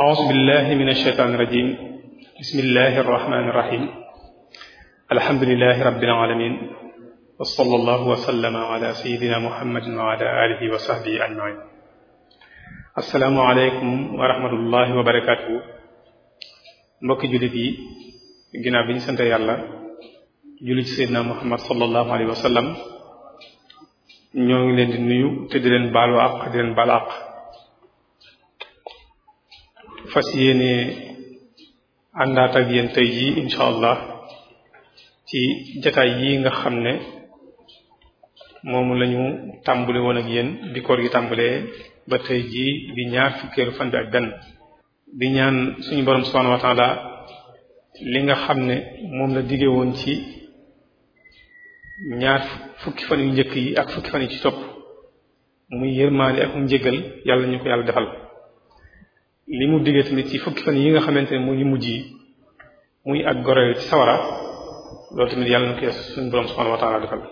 أعوذ بالله من الشيطان الرجيم بسم الله الرحمن الرحيم الحمد لله رب العالمين وصلى الله وسلم على سيدنا محمد وعلى آله وصحبه أجمعين السلام عليكم ورحمة الله وبركاته mbokki jullit yi ginnaaw bi ñu sant yàlla jullit ci Seydina Muhammad sallallahu alayhi wa sallam ñoo ngi leen di nuyu te di leen baalu àq di leen baal àq fas yéene àndaat ak yéen tey jii incha allah ci jataay yi nga xam ne moom lañu ñu tàmbale woon ak yéen bi koor gi tàmbalee ba tey jii di ñaar fukkeelu fan bi ak benn di ñaan suñu borom subhanahu wa li nga xam ne moom la digge woon ci ñaar fukki fan yu njëkk yi ak fukki fan yi ci topp muy yërmaande ak mu njëgal yàlla ñu ko yàlla defal li mu diggee tamit ci fukki fan yi nga xamante ne mu ñu mu yi muy ak goro ci sawara loolu tamit yàlla na ko suñu borom subhanahu wa ta'ala defal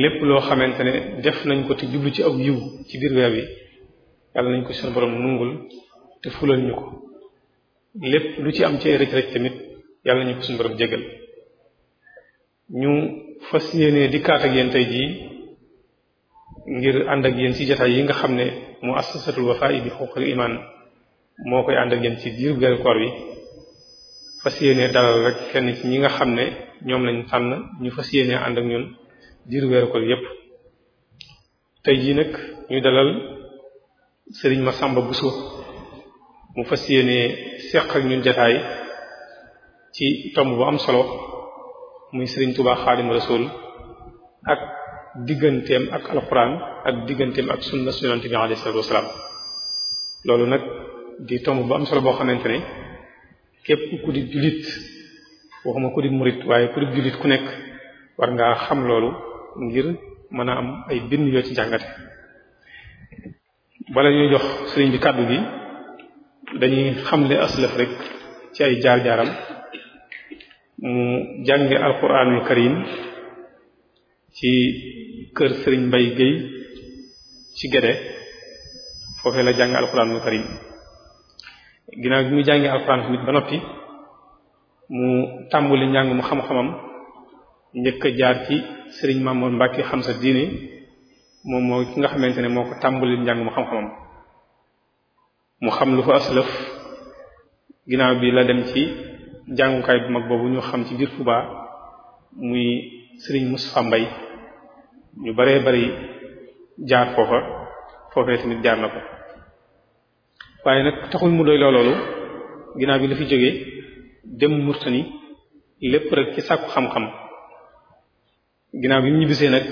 lépp loo xamante ne def nañ ko te jublu ci aw yiw ci biir weer wi yàlla nañ ko suñu borom nungul te fulal ñu ko lépp lu ci am ci rëcc rëcc tamit yàlla nañu ko suñu borom jégal ñu fas yéenee dikkaat ak yéen tey jii ngir ànd ak yéen ci jotaay yi nga xam ne mu assasatul wafa bi xuquqil iman moo koy ànd ak yéen ci diir weeru koor bi fas yéene dalal rek kenn ci ñi nga xam ne ñoom lañ tànn ñu fas yéene ànd ak ñun diir weeru koor yépp tey jii nag ñu dalal Serigne Massamba Bousso mu fas yéene seq ak ñun jotaay ci tomb bu am solo muy Serigne Touba Xaadimu Rasuul ak digganteem ak alquran ak digganteem ak sunna su yonente bi alayhi salatu wasalaam loolu nag di tomb bu am solo boo xamante ne képp ku di jullit waxuma ku di waaye ku ku nekk war ngaa xam loolu ngir mën a am ay bind yoo ci jàngate bala ñuy jox sëriñ bi kàddu gi dañuy xamle aslaf rek ci ay jaar-jaaram mu jànge alquranul karim ci kër sëriñ mbay Guèye ci Guédé foofee la jàng alxuraanul karim ginnaaw bi mu jàngee alxuraan tamit ba noppi mu tàmbali njàng mu xam-xamam njëkk a jaar ci Serigne Mamour Mbacke xam sa diine moom moo ki nga xamante ne moo ko tàmbali njàng mu xam-xamam mu xam lu fa aslëf ginnaaw bi la dem ci jàngukaay bu mag boobu ñu xam ci biir Touba muy Serigne Moustapha Mbaye ñu baree bari jaar foofa foofee tamit jaar na ko waaye nag taxul mu doy loolu ginnaaw bi lafi jóge jógee dem Murtani lépp rek ci sàkku xam-xam ginnaaw bi mu ñibbisee nag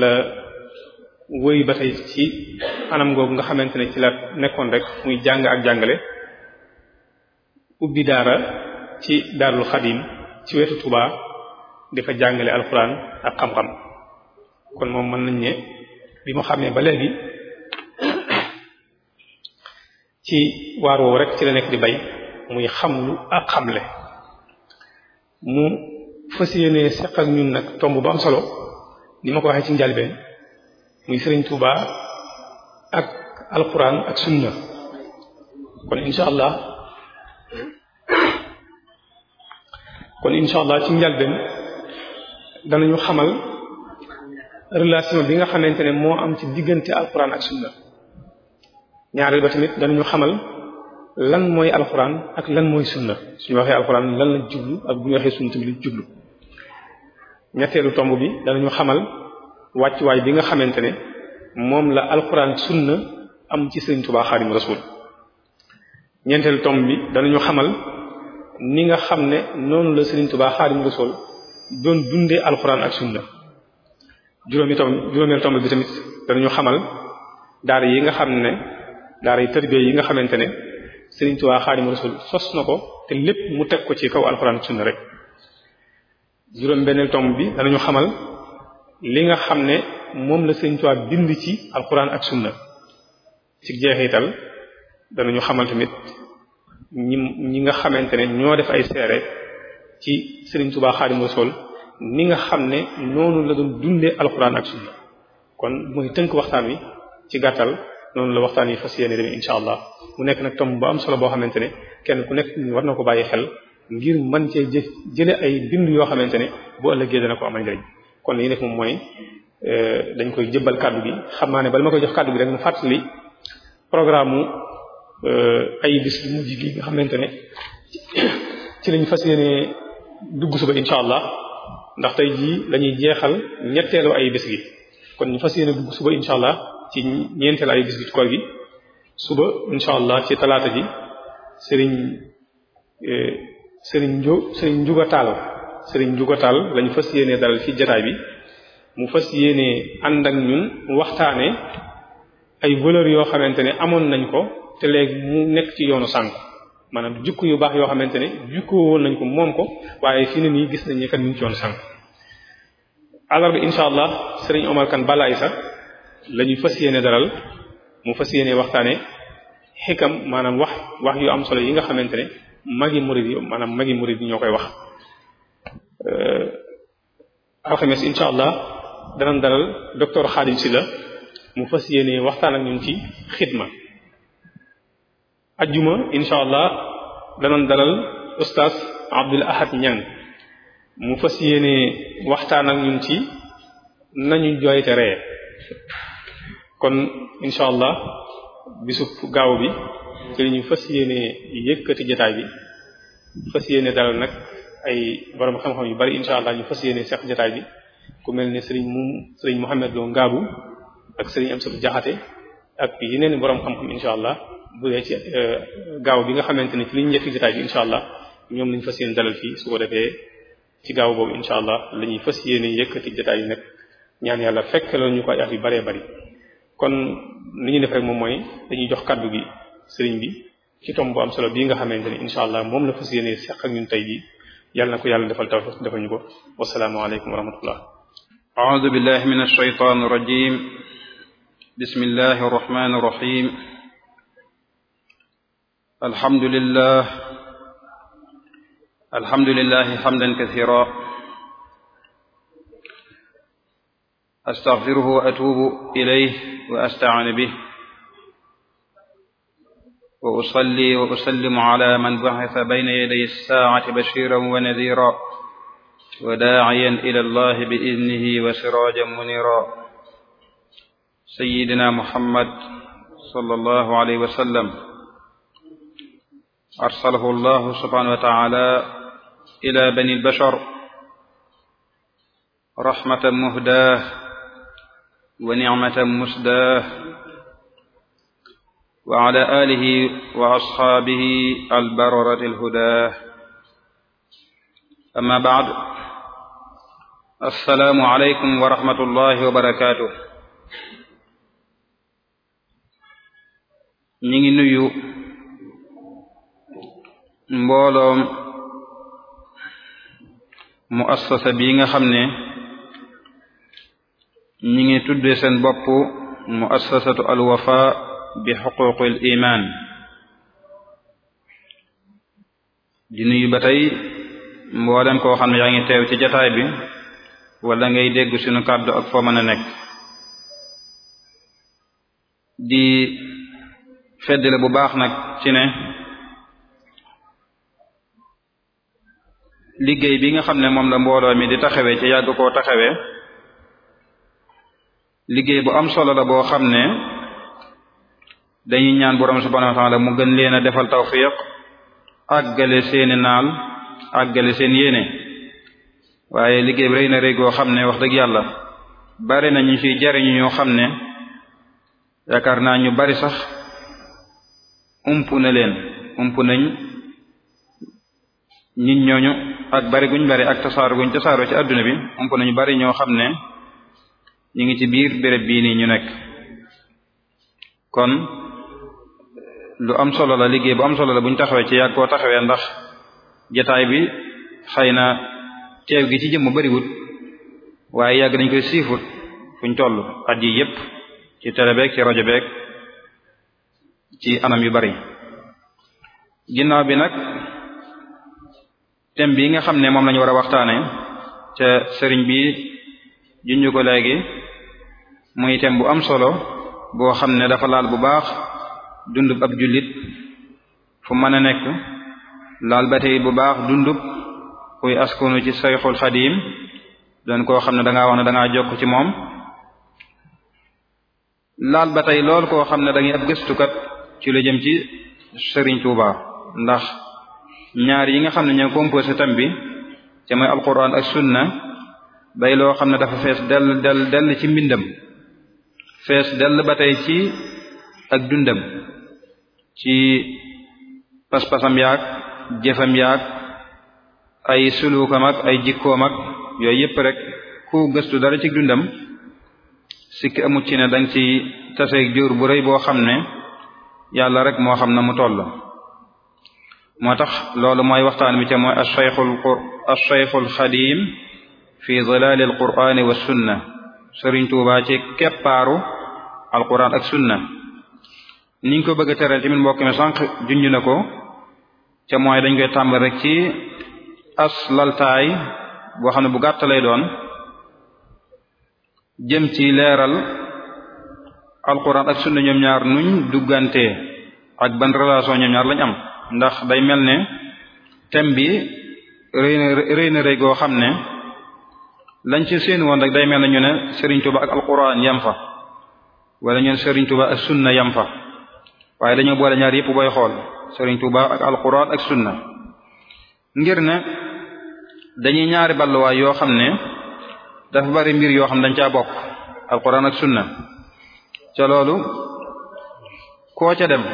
la wëy ba tey ci anam googu nga xamante ne ci la nekkoon rek muy jàng ak jàngale ubbi daara ci daarul xadim ci wetu Tuubaa di fa jàngale alxuraan ak xam-xam kon moom mën nañ ne bi mu xamee ba léegi ci waar woowu rek ci la nekk di bay muy xamlu ak xamle mu fas yéenee seq ak ñun nag tomb bu am solo li ma ko waxee ci njàlbeen muy Sëriñ Tuuba ak alquran ak sunna kon incha allah kon incha allah ci njàlbeen danañu xamal relation bi nga xamante ne moo am ci diggante alquran ak sunna ñaareel ba tamit dañu xamal lan mooy alxuraan ak lan mooy sunna suñu waxee alquran lan la jublu ak bu ñu waxee sunna tamit lu jublu ñetteelu tomb bi danañu xamal wàccuwaay bi nga xamante ne moom la alquran sunna am ci Sëriñ Tuubaa Xaadimu Rasuul ñeenteelu tomb bi danañu xamal ni nga xam ne noonu la Sëriñ Tuubaa Xaadimu Rasuul doon dundee alquran ak sunna juróomi tom juróomeel tomb bi tamit danañu xamal daara yi nga xam ne daar yi tarbiya yi nga xamante ne Sëriñ Tuubaa Xaadimu Rasuul sos na ko te lépp mu teg ko ci kaw alxuraan sunna rek juróom benneel tomb bi danañu xamal li nga xam ne moom la Sëriñ Tuubaa bind ci alxuraan ak sunna ci jeexital ñu xamal tamit ñi ñi nga xamante ne ñoo def ay seere ci Sëriñ Tuubaa Xaadimu Rasuul ni nga xam ne noonu la doon dundee alxuraan ak sunna kon mooy tënk waxtaan wi ci gàttal noonu la waxtaan yi fas yéene demee incha allah mu nekk nag tom bu am solo boo xamante ne kenn ku nekk war na ko bàyyi xel ngir mën cee jë jële ay bind yoo xamante ne bu ëllëgee dana ko amal njëriñ kon li ñu def moom mooy euh, dañ koy jëbbal kàddu gi xam naa ne bala ma koy jox kàddu gi rek mu fàttali programme mu euh, ay bis yu mujj gi nga xamante ne ci lañ fas yéene dugg suba incha allah ndax tey jii la jeexal ñetteelu ay bés gi kon ñu fas yéene dugg suba incha allah ci ñeenteelu ay bés gi ci koor gi suba incha allah ci talaata ji sëriñ eh, sëriñ nju sëriñ njuga taal sëriñ njuga fas yéene dalal fi jataay bi mu fas yéene ànd ak ñun waxtaane ay valeurs yoo xamante ne amoon nañ ko te léegi mu nekk ci yoonu sànk maanaam jukku yu baax yoo xamante ne jukku woon nañ ko moom ko waaye fii ne nii gis nañ ne kat ñu ci yoon sànq alarba incha allah sëriñ Omar kan balaay sax lañuy fas yéene daral mu fas yéene waxtaane xikam maanaam wax wax yu am solo yi nga xamante ne magi murid yi maanaam magi murid yi ñoo koy wax euh, alxames incha allah danañ dalal docteur si la mu fas yéene waxtaan ak ñun ci xidma ajjuma incha allah danañ dalal ustaas Abdul Ahad Niang mu fas yéene waxtaan ak ñun ci nañu jooyte ree kon incha bisub gaaw bi te ñu fas yéene yëkkati jotaay bi fas yéene dalal nag ay borom xam-xam yu bari incha ñu fas yéene seq jotaay bi ku mel ne sëriñ mu sëriñ Mouhamed Lo Ngaabu ak sëriñ Amsa Jaxate ak yeneen i borom xam-xam incha bu dee ci euh, gaaw bi nga xamante ne ci liñ njëkk jotaay bi incha allah ñoom lañ fas yéene dalal fii su ko defee ci gaaw boobu incha allah la ñuy fas yéene yëkkati jotaay yi ñaan yàlla fekk la ñu ko ay at yu bëree bëri kon li ñuy def rek moom mooy dañuy jox kaddu gi sëriñ bi ci tomb bu am solo bii nga xamante ni incha allah moom la fas yéene seq ak ñun tey jii yàlla na ko yàlla defal tawfiq defal ñu ko wasalaamualeykum wa rahmatullah a'udhu billahi minash shaytanir alhamdulillah alhamdulillahi hamdan kathira astaghfiruhu wa atubu ilayhi wa asta'iinu bihi wa usalli wa usallimu ala man bu'itha bayna yaday as-saa'ati bashiran wa nadhiran wa daa'iyan ila Allahi bi-idhnihi wa siraajan muniiran sayyidina Muhammad sallallahu alayhi wa sallam arsalahu llahu subhanahu wa taala ila bani lbashar rahmatan muhdaah wa nicmatan musdaah wa ala aalihi wa asxaabihi albararati alhudaah amma baad assalaamu aleykum wa rahmatullahi wa barakaatuh ñu ngi nuyu mbooloom mu assasa bii nga xam ne ñi ngi tudde seen bopp mu assasatu alwafa bi xuquqil iman di nuyu ba tey mboolem koo xam ne yaa ngi teew ci jataay bi wala ngay dégg sinu kàddu ak foo mën a nekk di feddale bu baax nag ci ne liggéey bi nga xam ne moom la mbooloo mi di taxawee ci yàgg koo taxawee liggéey bu am solo la boo xam ne dañuy ñaan borom subhanahu wa ta'ala mu gën leen a defal tawfiq àggale seeni naal àggale seen yéene waaye liggéey bi rëy na rëy goo xam ne wax dëgg yàlla bari na ñu ciy jariñu ñoo xam ne yaakaar naa ñu bari sax ump na leen ump nañ nit ñooñu ak bari guñ bari ak tasaaru guñ tasaaroo ci adduna bi am ko nañu bari ñoo xam ne ñu ngi ci biir béréb bii nii ñu nekk kon lu am solo la liggéey bu am solo la buñ taxawee ci yàgg koo taxawee ndax jataay bi xëy na teew gi ci jëmm bariwut waaye yàgg dañ koy siifut fuñ toll at yi yépp ci télé beeg ci rajo beeg ci anam yu bari ginnaaw bi nag thème bii nga xam ne moom lañu war a waxtaane te sëriñ bi junj ko léegi muy thème bu am solo boo xam ne dafa laal bu baax dundub ab jullit fu mën a nekk laal ba tey bu baax dundub kuy askanu ci sayxul xadiim doon koo xam ne dangaa wax ne dangaa jokk ci moom laal ba tey lool koo xam ne dangay ab gëstukat ci lu jëm ci sëriñ Tuuba ndax ñaar yi nga xam ne ñoo composé tam bi te mooy alquran ak sunna bay loo xam ne dafa fees dell dell dell ci mbindam fees dell ba tey ci ak dundam ci pas-pasam yaag jëfam yaag ay suluukam ak ay jikkoom ak yooyu yëpp rek ku gëstu dara ci dundam sikki amut ci ne danga ci taseeg jóor bu rëy boo xam ne yàlla rek moo xam na mu toll moo tax loolu mooy waxtaan bi ca mooy ashaykhul qur ashaykhul xadim fi zilaali alqur'ani wa sunna sëriñ tuuba ci keppaaru alquran ak sunna ni ñu ko bëgg a teral tamit mbokk mi sànq ko ca mooy dañ koy tàmbal rek ci aslaltaay boo xam ne bu gàtt lay doon jëm ci leeral alquran ak sunna ñoom ñaar nuñ duggante ak ban relation ñoom ñaar lañ am ndax day mel ne thème bi rëy na rëy na rëy goo xam ne lañ ci seen woon rek day mel ne ñu ne Serigne Touba ak alquran yam fa wala ñu ne Serigne Touba ak sunna yam fa waaye dañoo boole ñaar yëpp booy xool Serigne Touba ak alquran ak sunna ngir ne dañuy ñaari balluwaay yoo xam ne dafa bari mbir yoo xam dañ caa bokk alquran ak sunna ca loolu koo ca dem.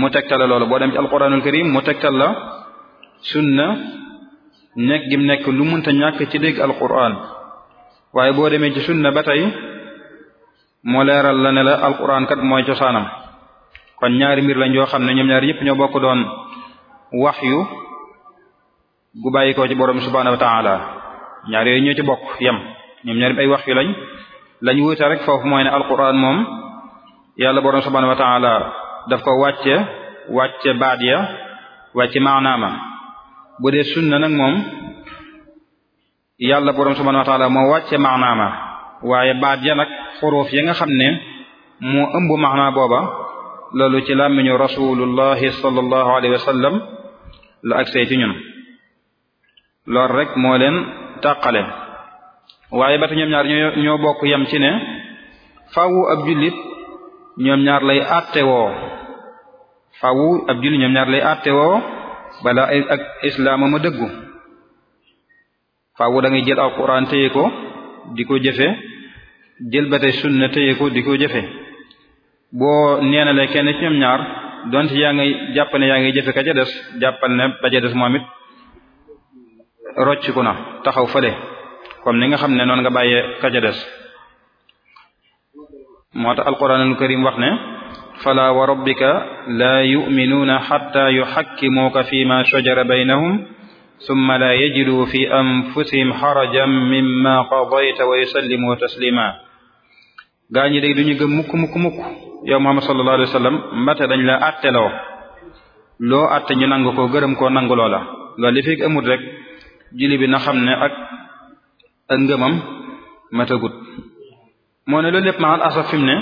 mu tegtal la loolu boo dem ci alquranul karim mu tegtal la sunna nekk gim nekk lu munta ñàkk ci dégg alquran waaye boo demee ci na ba tey mu leeral la ne la alquran kat mooy cosaanam kon ñaari mbir lañ yoo xam ne ñoom ñaar yëpp ñoo bokk doon waxyu gu bàyyi ko ci borom subhanahu wa ta'ala ñaar yooyu ñoo ci bokk yem ñoom ñaar ay waxyu lañ lañ wuute rek foofu mooy ne alquran moom yàlla borom subhanahu daf ko wàcce wàcce baat ya wàcce maanaama bu dee sunna nag moom yàlla borom subhanahu wa taala moo wàcce maanaama waaye baat ya nag xuruuf yi nga xam ne moo ëmb maanaa booba loolu ci làmmiñu rasulullahi sallallahu alayhi wa sallam la ak say ci ñun loolu rek moo leen tàqale waaye bata ñoom ñaar ñoo bokk yem ci ne faawu ab jullit ñoom ñaar lay àttewoo fawu ab julli ñoom ñaar lay àttewoo bala ak islaama ma dëggu fawu da ngay jël alquran téye ko di ko jëfe jël ba tey sunna téye ko di ko jëfe boo neenalee kenn ci ñoom ñaar donte yaa ngay jàpp yaa ngay jëfe ka ca des jàppal ne ba des moom it na taxaw fële comme ni nga xam ne noonu nga bàyyee ka des moo tax alquranul karim wax ne fala wa rabbika la yuminuuna xatta yuxakkimuuka fi ma shajara baynahum summa la yajidu fi anfusihim xarajan mimma qadayta wa yusallimu taslima gaa ñi day duñu gëm mukk mukk mukk yow muhammad sallallahu alayhi wa sallam dañ la àtteloo loo àtte ñu nangu ko gërëm koo nangu loola nga li rek julli bi na xam ne ak ak ngëmam matagut moo ne loolu lépp maanaam asaf fi mu ne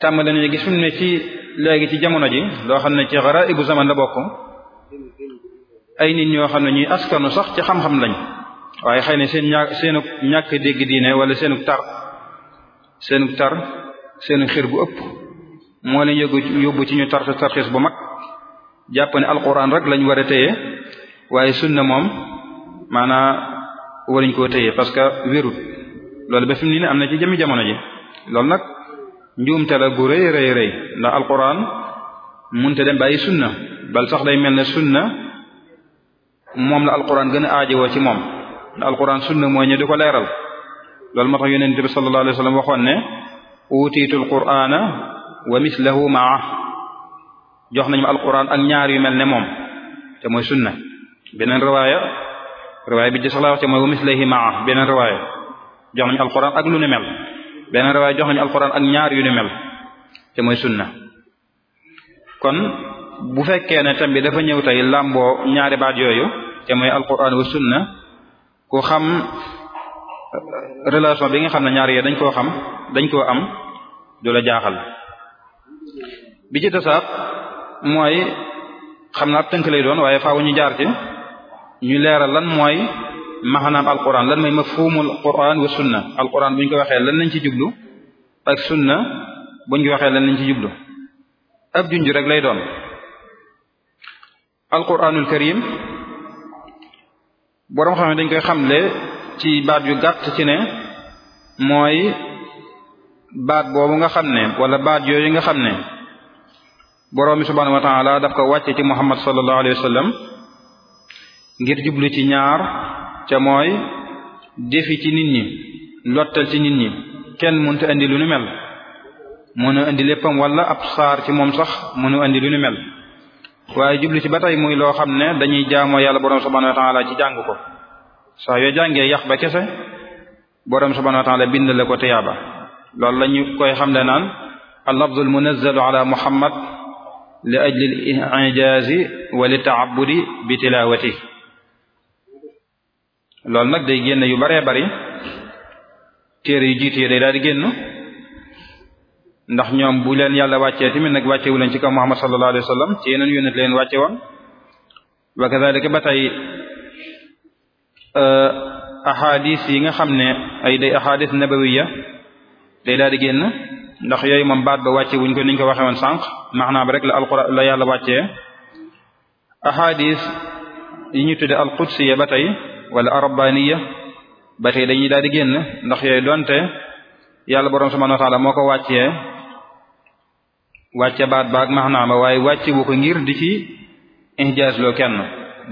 tàmbali nañu gis fi ne ci léegi ci jamono ji loo xam ne ci xara ibu zaman la bokk ay nit ñoo xam ne ñuy askanu sax ci xam-xam lañ waaye xëy na seen ña seenu ñàkk dégg diine wala seenu tar seenu tar seenu xir bu ëpp moo leen yóbbu ci ñu tartu tarxiis bu mag jàpp ne alquran rek lañ war a téye waaye na moom maanaa waruñ koo téye parce que wérut loolu ba fi mu am na ci jëmi jamono ji loolu nag njuumte la gu rëy rëy rëy ndax alquran munte dem bàyyi sunna bal sax day mel ne sunna moom la alquran gën a aajowoo ci moom ndax alquran sunna mooy ñu di ko leeral loolu moo tax yonente bi sallallahu alayhi wasallam waxoon ne utiitu alqurana wa mislahu maa jox nañu alquran ak ñaar yu mel ne moom te mooy sunna beneen riwaaya riwaaya bi di sax la wax te mooy wa mislahu maa beneen riwaaya jox nañu alquran ak lu ni mel beneen riwaay jox nañu alquran ak ñaar yu ni mel te mooy sunna kon bu fekkee ne tam bi dafa ñëw tey làmboo ñaari baat yooyu te mooy alquran wa sunna ku xam euh, relation bi nga xam ne ñaari yooyu dañ koo xam dañ koo am du jaaxal bi ci tasaat mooy xam na ab tënk lay doon waaye faaw ñu jaar ci leeral lan mooy maxanaam alquran lan mooy mafhumul quran wa sunna alquran bu ñu ko waxee lan lañ ci jublu ak sunna bu ñu ko waxee lan lañ ci jublu ab junj rek lay doon alquranul karim boroom xam ne dañ koy xamle ci baat yu gàtt ci ne mooy baat boobu nga xam ne wala baat yooyu nga xam ne boroom bi subhanahu wa taala daf ko wàcce ci muhammad sallallahu alayhi wa ngir jublu ci ñaar ca mooy defi ci nit ñi lottal ci nit ñi kenn mënta indi lu nu mel mën a indi léppam wala ab saar ci moom sax mënu indi lu nu mel waaye jublu ci ba tey muy loo xam ne dañuy jaamoo yàlla borom subhanahu wa ta'ala ci jàng ko saa yoo jàngee yax ba kese borom subhanahu wa ta'ala bind la ko tiyaaba loolu la koy xam ne naan al-lafzul munazzalu ala muhammad li ajli al-i'jazi wa li bi tilawati loolu nag day génn yu baree bari téere yu jiitu yi day daal di génn ndax ñoom bu leen yàlla wàccee tamit nag wàccewu leen ci kaw Muhammad sallallahu alayhi wa sallam ci yeneen yonent leen wàcce woon wa kadalika ba tey euh, ahadis yi nga xam ne ay day ahadis nabawiya day daal di génn ndax yooyu moom baat ba wàcce wuñ ko niñ ko waxe woon sànq maanaam ba rek la alquran la yàlla wàcce ahadis yi ñu tudde alqudsiya ba tey wala arabaniya ba tey dañuy daal di génn ndax yooyu donte yàlla boroom subhanahu wa ta'ala moo ko wàccee wàcce baat baag ma waaye wàcce wu ko ngir di ci injaas loo kenn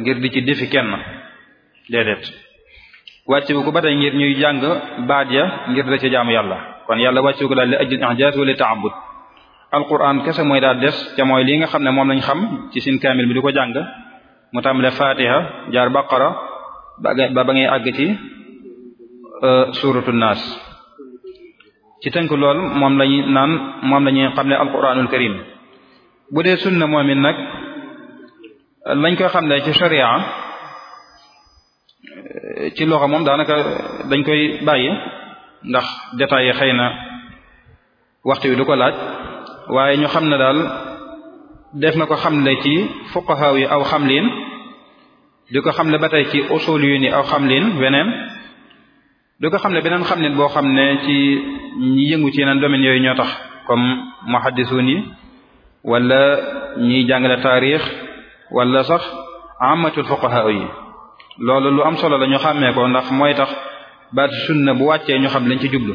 ngir di ci defi kenn déedéet wàcce wu ko ba tey ngir ñuy jàng baat ya ngir da ca jaamu yàlla kon yàlla wàcce wu ko daal li ajjul injaas wala ta'abbud alquran kese mooy daal des ca mooy li nga xam ne moom lañ xam ci sin kaamil bi di ko jàng mu tàmbalee fatiha jaar baqara ba ba ngay àgg ci euh, suuratu naas ci tënk lool mom lañuy naan moom lañuy xam ne alquranul karim bu dee sunna moom it nag lañ koy xam ne ci sharia euh, ci loxo moom daanaka dañ koy bàyyi ndax détaillé xëy na waxtu wi du ko laaj waaye ñu xam na daal def na ko xamle ci fuqaha yi aw liin di ko xamle ba tey ci usul yu ni aw liin weneen di xam xamle beneen xam xamlin boo xam ne ci ñi yëngu ci yeneen domaines yooyu ñoo tax comme muhaddisuun yi wala ñiy jàngale taarix wala sax amatul fuqaha yi loolu lu am solo la ñu xàmmee ko ndax mooy tax baat sunna bu wàccee ñu xam lañ ci jublu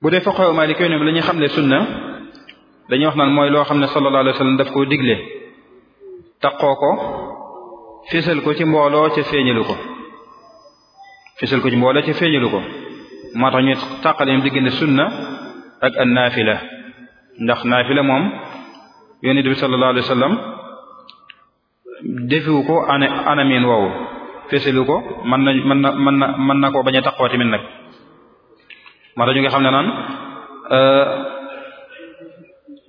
bu dee fuqaha maliki ñoom la ñuy xamle sunna dañuy wax naan mooy loo xam ne sallallahu alayhi wasallam daf koo digle taqoo ko fésal ko ci mbooloo ci feeñalu ko fésal ko ci mbooloo ci feeñalu ko moo tax ñu tàqale diggante sunna ak an naafila ndax naafila moom yonent bi sallallahu alayhi wa sallam defiwu ko ana anamin woowu fésalu ko mën na mën na mën na mën bañ a taqoo tamit nag ñu nga xam ne naan euh,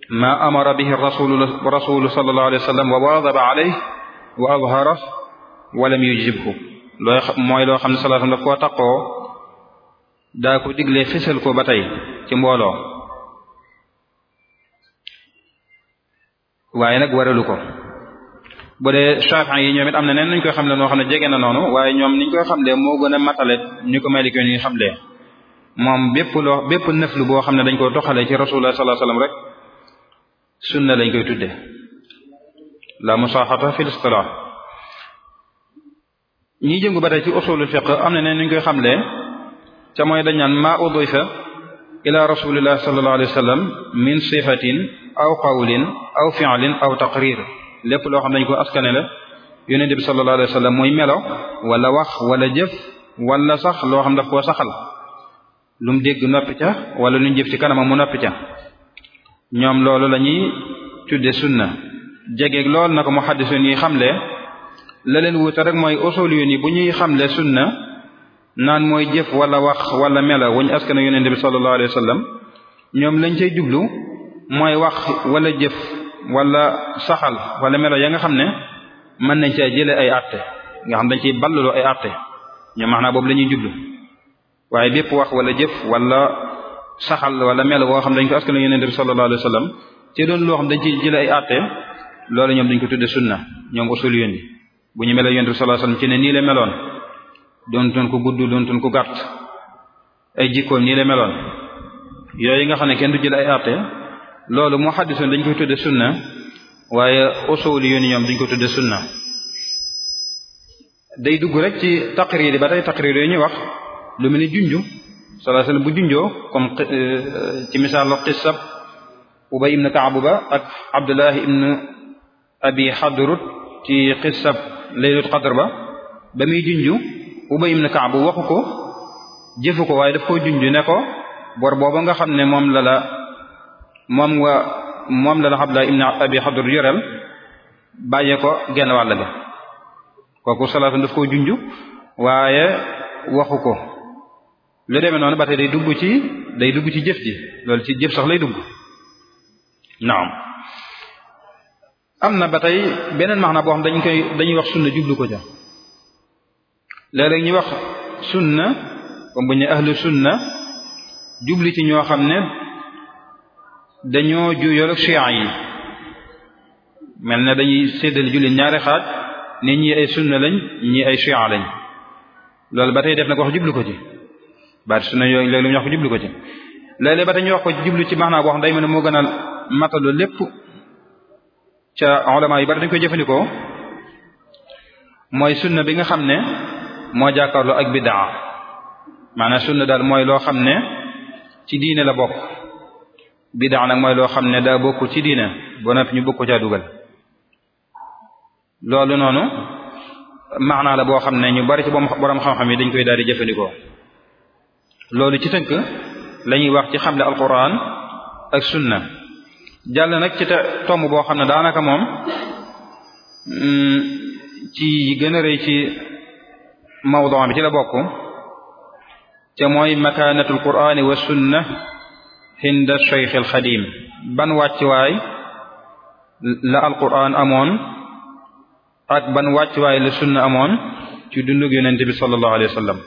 maa amara bihi rasulu rasulu sallallahu alayhi wa sallam wa waadaba alayhi wa azhara wa lam yujibhu looy mooy loo xam ne sallallahu alayhi wa sallam daf koo taqoo daa ko ba tey ci mbooloo waaye nag waralu ko bu dee Shafi'i yi ñoom it am na neen nañ koy xamle noo xam ne jege na noonu waaye ñoom niñ koy xamle moo gën a matale ni ko Maliki ñu xamle moom bépp loo bépp nëflu boo xam ne dañ ko doxalee ci Rasulullah sallallahu alayhi wa rek sunna lañ koy tudde la musaaxata fi listilaah ñiy jëngu ba tey ci usulul fiqh am na ne nuñ koy xam xamlee ca mooy dañ naan maa udifa ila rasulillah sallallahu alayhi wa sallam min sifatin aw qawlin aw fi'lin aw taqrir lépp loo xam dañ ko askane la yonent bi sallallahu alayhi wa sallam muy melo wala wax wala jëf wala sax loo xam daf koo saxal lu mu dégg ca wala lu ñu jëf ci kanama mu noppi ca ñoom loolu la ñuy tudde sunna jegeeg loolu na ko muhaddisun yi xamle la leen wuute rek mooy usuliyun yi bu ñuy xamle sunna naan mooy jëf wala wax wala mela wuñ askana yonente bi sallallahu alayhi wasallam ñoom lañ cay jublu mooy wax wala jëf wala saxal wala melo ya nga xam ne mën nañ cee jële ay àtte nga xam dañ ci ballaloo ay àtte ñoom maanaam boobu lañuy ñuy jublu waaye bépp wax wala jëf wala saxal wala mel woo xam dañ ko askan yonent bi sallallahu alayhi wasallam te doon loo xam dañ ci jël ay àtte loolu ñoom dañ ko tudde sunna ñoom usuliyoon yi bu ñu melee yonent bi sallallahu alayhi wasallam ci ne nii la meloon doontoon ko gudd doontoon ko gàtt ay jikkoom nii la meloon yooyu nga xam ne kenn du jël ay àtte loolu mu xaddisoon dañ koy tudde sunna waaye usuliyoon yi ñoom dañ ko tudde sunna day dugg rek ci taqrir yi ba tey taqrir yooyu ñuy wax lu mel ni junju sallallahu alayhi wasallam bu junjoo comme euh, euh, ci misaalu qissab ubay ibn ba ak Abdullah ibn abi Hadrut ci qissab laylatul qadr ba ba muy junj ubay ibn Ka'b waxu ko jëfu ko waaye daf koo junj ne ko bor booba nga xam ne moom la la moom nga moom la la Abdullah ibn abi Hadrut yoreel bàyyee ko genn wàll ga kooku sallallahu daf koo junj waaye waxu ko lu demee noonu ba tey day dugg ci day dugg ci jëf ji loolu ci jëf sax lay dugg naam am na ba tey beneen max na boo xam dañ koy dañuy wax sunna jublu ko ca léeg-léeg wax sunna comme bu ñu ahlu sunna jubli ci ñoo xam ne dañoo juyool ak yi mel na dañuy séddale julli ñaari xaaj ne ñi ay sunna lañ ñi ay chiites lañ loolu ba tey def na ko wax jublu ko ci baat sunna yooyu léeg-léeg ñu wax ko jublu ko ci léeg-léeg ñu wax ko ci maanaam boo xam day mel ne moo gën a matalu lépp yi bari dañ koy jëfandikoo mooy sunna bi nga xam ne moo jàkkaarloo ak bidaa maanaam sunna daal mooy loo xam ne ci diine la bokk bidaa nag mooy loo xam ne daa bokkul ci diine ba noppi ñu bokk caa dugal loolu noonu naa la boo xam ne ñu bari ci borom xam-xam yi dañ koy daal di jëfandikoo. loolu ci tënk la ñuy wax ci xamle alquran ak sunna jàll nag ci tomb boo xam ne daanaka moom mm, ci gën a rëy ci mawdon bi ci la bokk te mooy makaanatul qur'ani wa sunna hinda cheikh al xadim ban wàccuwaay la alquran amoon ak ban wàccuwaay la sunna amoon ci dundug yonente bi sallallahu alayhi wa sallam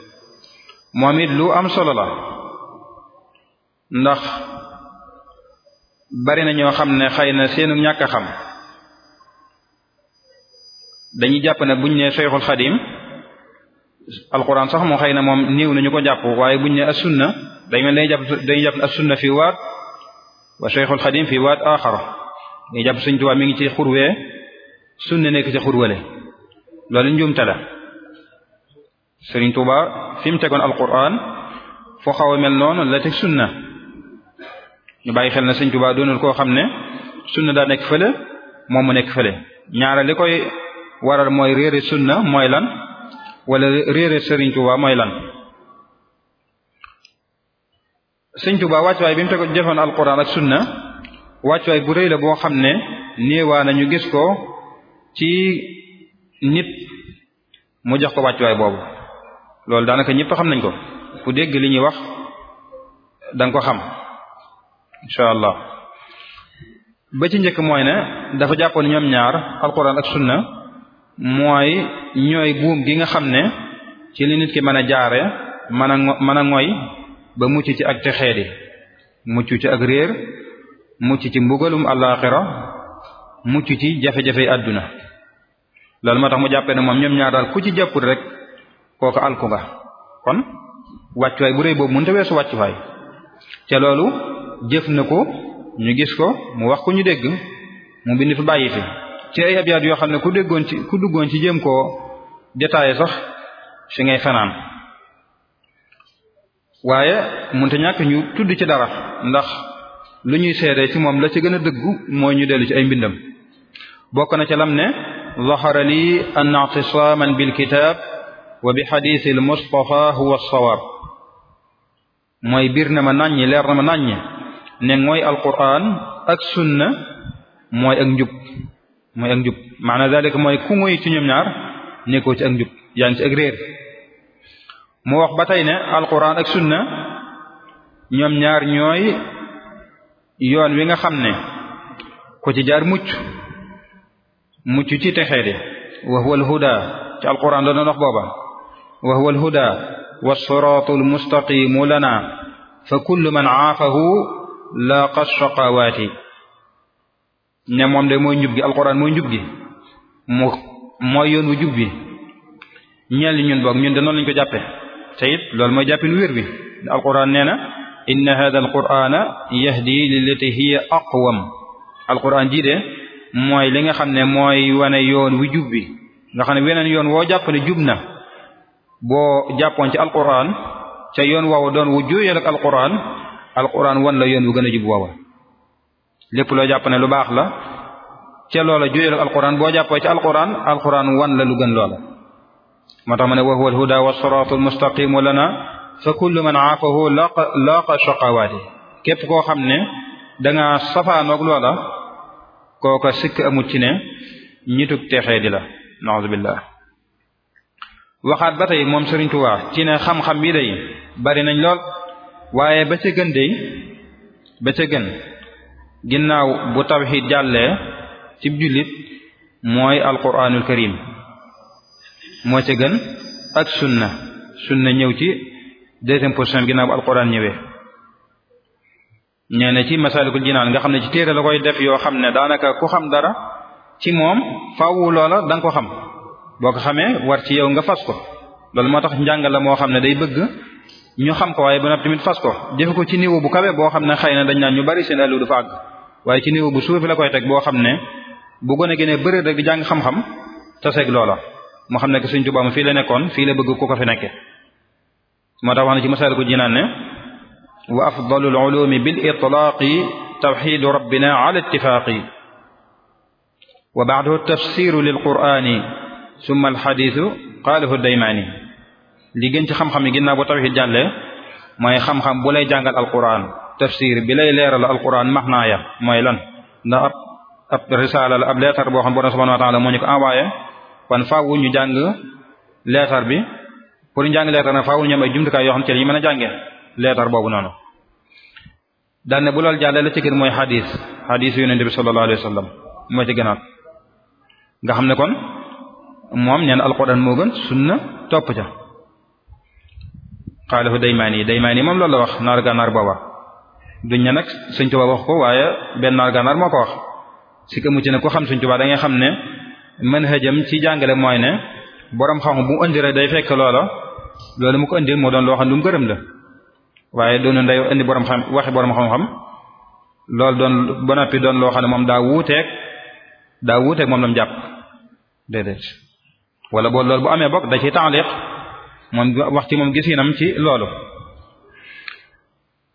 moom it lu am solo la ndax bari na ñoo xam ne xëy na seenu ñàkk a xam dañuy jàpp ne buñ ne Seyxul Xadim alquran sax moom xëy na moom néew nañu ko jàpp waaye buñ ne as na dañ mel dañuy jàpp dañuy jàpp na as fii waat wa Seyxul Xadim fii waat aaxar dañuy jàpp Sëriñ Tuubaa mi ngi ci xurwee sunna nekk ci xurwale loolu njuumte la sëriñ Touba fi mu tegoon alquran foo xawa a mel noonu la teg sunna ñu bàyyi xel na Serigne Touba doonul koo xam ne sunna daa nekk fële moom mu nekk fële ñaara li koy waral mooy réere sunna mooy lan wala réere Serigne Touba mooy lan Serigne Touba wàccuwaay bi mu tegoon jëfoon alquran ak sunna wàccuwaay bu rëy la boo xam ne néewaa nañu gis ko ci nit mu jox ko wàccuwaay boobu loolu daanaka ñëpp xam nañ ko ku dégg li ñuy wax danga ko xam insha allah ba ci njëkk mooy ne dafa jàppoon ñoom ñaar alquran ak sunna mooy ñooy buum gi nga xam ne ci li nit ki mën a jaare mën a mën a ngoy ba mucc ci ak texeedi mucc ci ak réer mucc ci mbugalum alaxira mucc ci jafe-jafey àdduna loolu moo tax mu jàppe ne moom ñoom ñaar daal ku ci jàppul rek kooku alku nga kon wàccuwaay bu rëy boobu mënut a weesu wàccuwaay te loolu jëf na ko ñu gis ko mu wax ku ñu dégg mu bind fi bàyyi fi ci ay abyaat yoo xam ne ku déggoon ci ku duggoon ci jëm ko détaillé sax fi ngay fanaan waaye mënut a ñàkk ñu tudd ci dara ndax lu ñuy seede ci moom la ci gën a dëggu mooy ñu dellu ci ay mbindam bokk na ca lam ne zahara li an i'tisaman bil kitab wa bi xadiisil Mustafa huwa sawaab mooy biir na ma naññi leer na ma nañ ne mooy alquran ak sunna mooy ak njub mooy ak njub maana daalika mooy ku muy ci ñoom ñaar nekkoo ci ak njub yaa ngi ci ak réer mu wax ba tey ne alquran ak sunna ñoom ñaar ñooy yoon wi nga xam ne ku ci jaar mucc mucc ci texee de wa huwa alhuda ci alquran doon na booba وهو الهدى والصراط المستقيم لنا فكل من عافه لاaq shaqawaati ne moom de mooy njub gi alquran mooy njub gi mooy yoon wu jub bi ñeel ñun boog ñun de noonu lañu ko jàppe te it loolu mooy jàppin wér bi alquran nee na inna hada alqurana yahdi lillati hiya aqwam alquran jii de mooy li nga xam ne mooy wane yoon wu jub bi nga xam ne weneen yoon woo jàpp ne jub na boo jàppoon ci alquran ca yoon woowu doon wu juuyal ak alquran wan la yoon wu gën a jub woowa lépp loo jàpp ne lu baax la ca loola juuyal ak boo jàppoo ci alquran alquran wan la lu gën loola moo tax ma ne wa huwa alhuda wa siraatul mustaqimu lana fa kullu man aafahu laqa laqa shaqawaati képp koo xam ne danga safaanoog loola kooka sikk amut ci ne ñitug texee di la naxusubillah waxaat ba tey moom Serigne Touba ci ne xam-xam bi day bari nañ lool waaye ba ca gën day ba ca gën ginnaaw bu tawxiid jàllee cib jullit mooy alquranul karim moo ca gën ak sunna sunna ñëw ci deuxième position ginnaaw bu alquran ñëwee nee na ci masalikul jinaan nga xam ne ci téere la koy def yoo xam ne daanaka ku xam dara ci moom faawu loola danga ko xam boo ko xamee war ci yow nga fas ko loolu moo tax njàng la moo xam ne day bëgg ñu xam ko waaye ba noppi tamit fas ko jëfe ko ci niveau bu kawe boo xam ne xëy na dañ naan ñu bari seen àllu du fa àgg waaye ci niveau bu suufi la koy teg boo xam ne bu gone gi ne bëri rek di jàng xam-xam taseeg loola moo xam ne que Sëriñ Tuubaa fii la nekkoon fii la bëgg ko ko fi nekke moo tax wax na ci Masaalikul Jinaan ne wa afdalul ulumi bil itlaaqi tawxidu rabbina ala ittifaaqi wa ba'dahu tafsiru lil qur'ani summa alxadiisu qaalahu daymaani li gën ci xam-xam yi ginnaaw bu tawxiid jàllee mooy xam-xam bu lay jàngal alquran tafsir bi lay leeral alquran maxnaa ya mooy lan ndax ab ab risaala la ab leetar boo xam borom subhanahu wa ta'ala moo ñu ko envoyé kon faaw ñu jàng leetar bi pour ñu jàng leetar nag faaw ñu am ay jumtukaay yoo xam ci la mën a jàngee leetar boobu noonu. daan ne bu lool jàllee la ci gën mooy xadis xadis yu yonent bi sallallahu alayhi wa sallam moo ci gënaat nga moom nee na moo gën sunna topp ca xaalifu daymaan yi daymaan yi moom loolu la wax naar gànnaar booba duñ ne nag Sëñ Tuubaa wax ko waaye benn naar ganaar moo ko wax si mu ci na ko xam Sëñ Tuubaa da ngay xam ne mën manhajam ci jàngale mooy ne borom xam bu mu day fekk loola loolu mu ko indil moo doon loo xam lu mu gërëm la waaye doonu nday indi borom xam waxi borom xam-xam loolu doon ba noppi doon loo xam ne moom daa wuuteeg daa wuuteeg moom la jàpp déedéet wala boo lool bu amee bokk da ciy taaliq moom wax ci moom gisinam ci loolu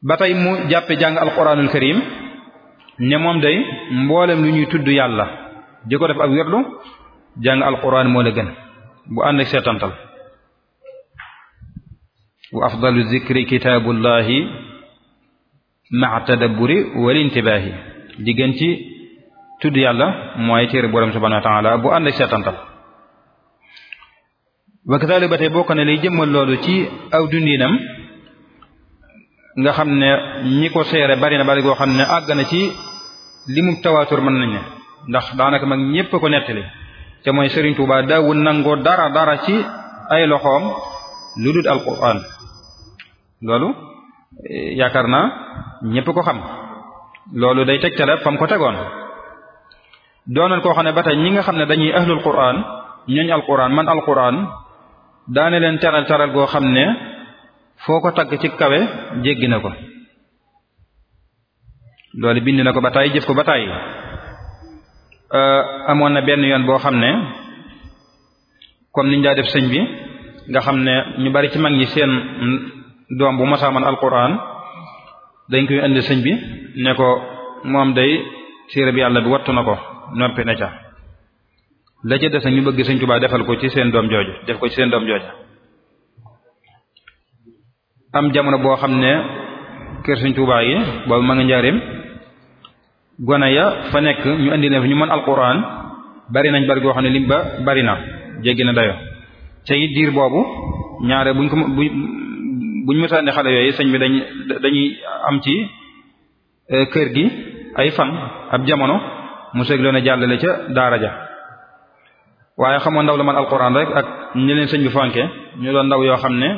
ba tey mu jàppe jàng alquranul karim ne moom day mboolem lu ñuy tudd yàlla di def ak werdu jàng alquran moo la gën bu ànd ak seetantal wa afdalu zikri kitaabullahi maa tadabburi wal intibaahi di gën ci tudd yàlla mooy tere borom subhanahu wa ta'ala bu ànd ak seetantal wa kadaalika ba tey bokk lay jëmmal loolu ci aw dundinam nga xam ne ñi ko seere bari bari koo xam ne àgg na ci li mu tawaatur mën nañ ne ndax daanaka mag ñépp ko nettali te mooy Serigne Touba daawul nangoo dara dara ci ay loxoom lu dul alquran loolu yaakaar naa ñépp ko xam loolu day tegtale fam ko tegoon doonal koo xam ne ba tey ñi nga xam ne dañuy ahlul quran ñooñ alquran man alquran daane leen teral teral goo xam ne foo ko tagg ci kawe jéggi na ko loole bind na ko ba tàyyi jëf ko ba tàyyi euh, amoon na benn yoon boo xam ne comme niñ daa def sëñ bi nga xam ne ñu bari ci mag ñi seen doom bu masaa man alquran dañ koy indi sëñ bi ne ko moom day téere bi yàlla bi wattu na ko noppi na ca la ca des nag ñu bëgg Sëriñ Tuubaa defal ko ci seen doom jooju def ko ci seen doom jooju am jamono boo xam ne kër Sëriñ Tuubaa yi boobu ma nga gone ya fa nekk ñu indi leen fi ñu mën alquran bari nañ bari goo xam ne lim ba bari na jéggi na dayo ca it diir boobu ñaare buñ ko buñ mësaane xale yooyu sëñ bi dañ dañuy am ci eh, kër gi ay fan ab jamono mu sëgloon a jàllale ca daara ja waaye xamoo ndaw la man alquran rek ak ñi leen sëñ bi fonke ñu doon ndaw yoo xam ne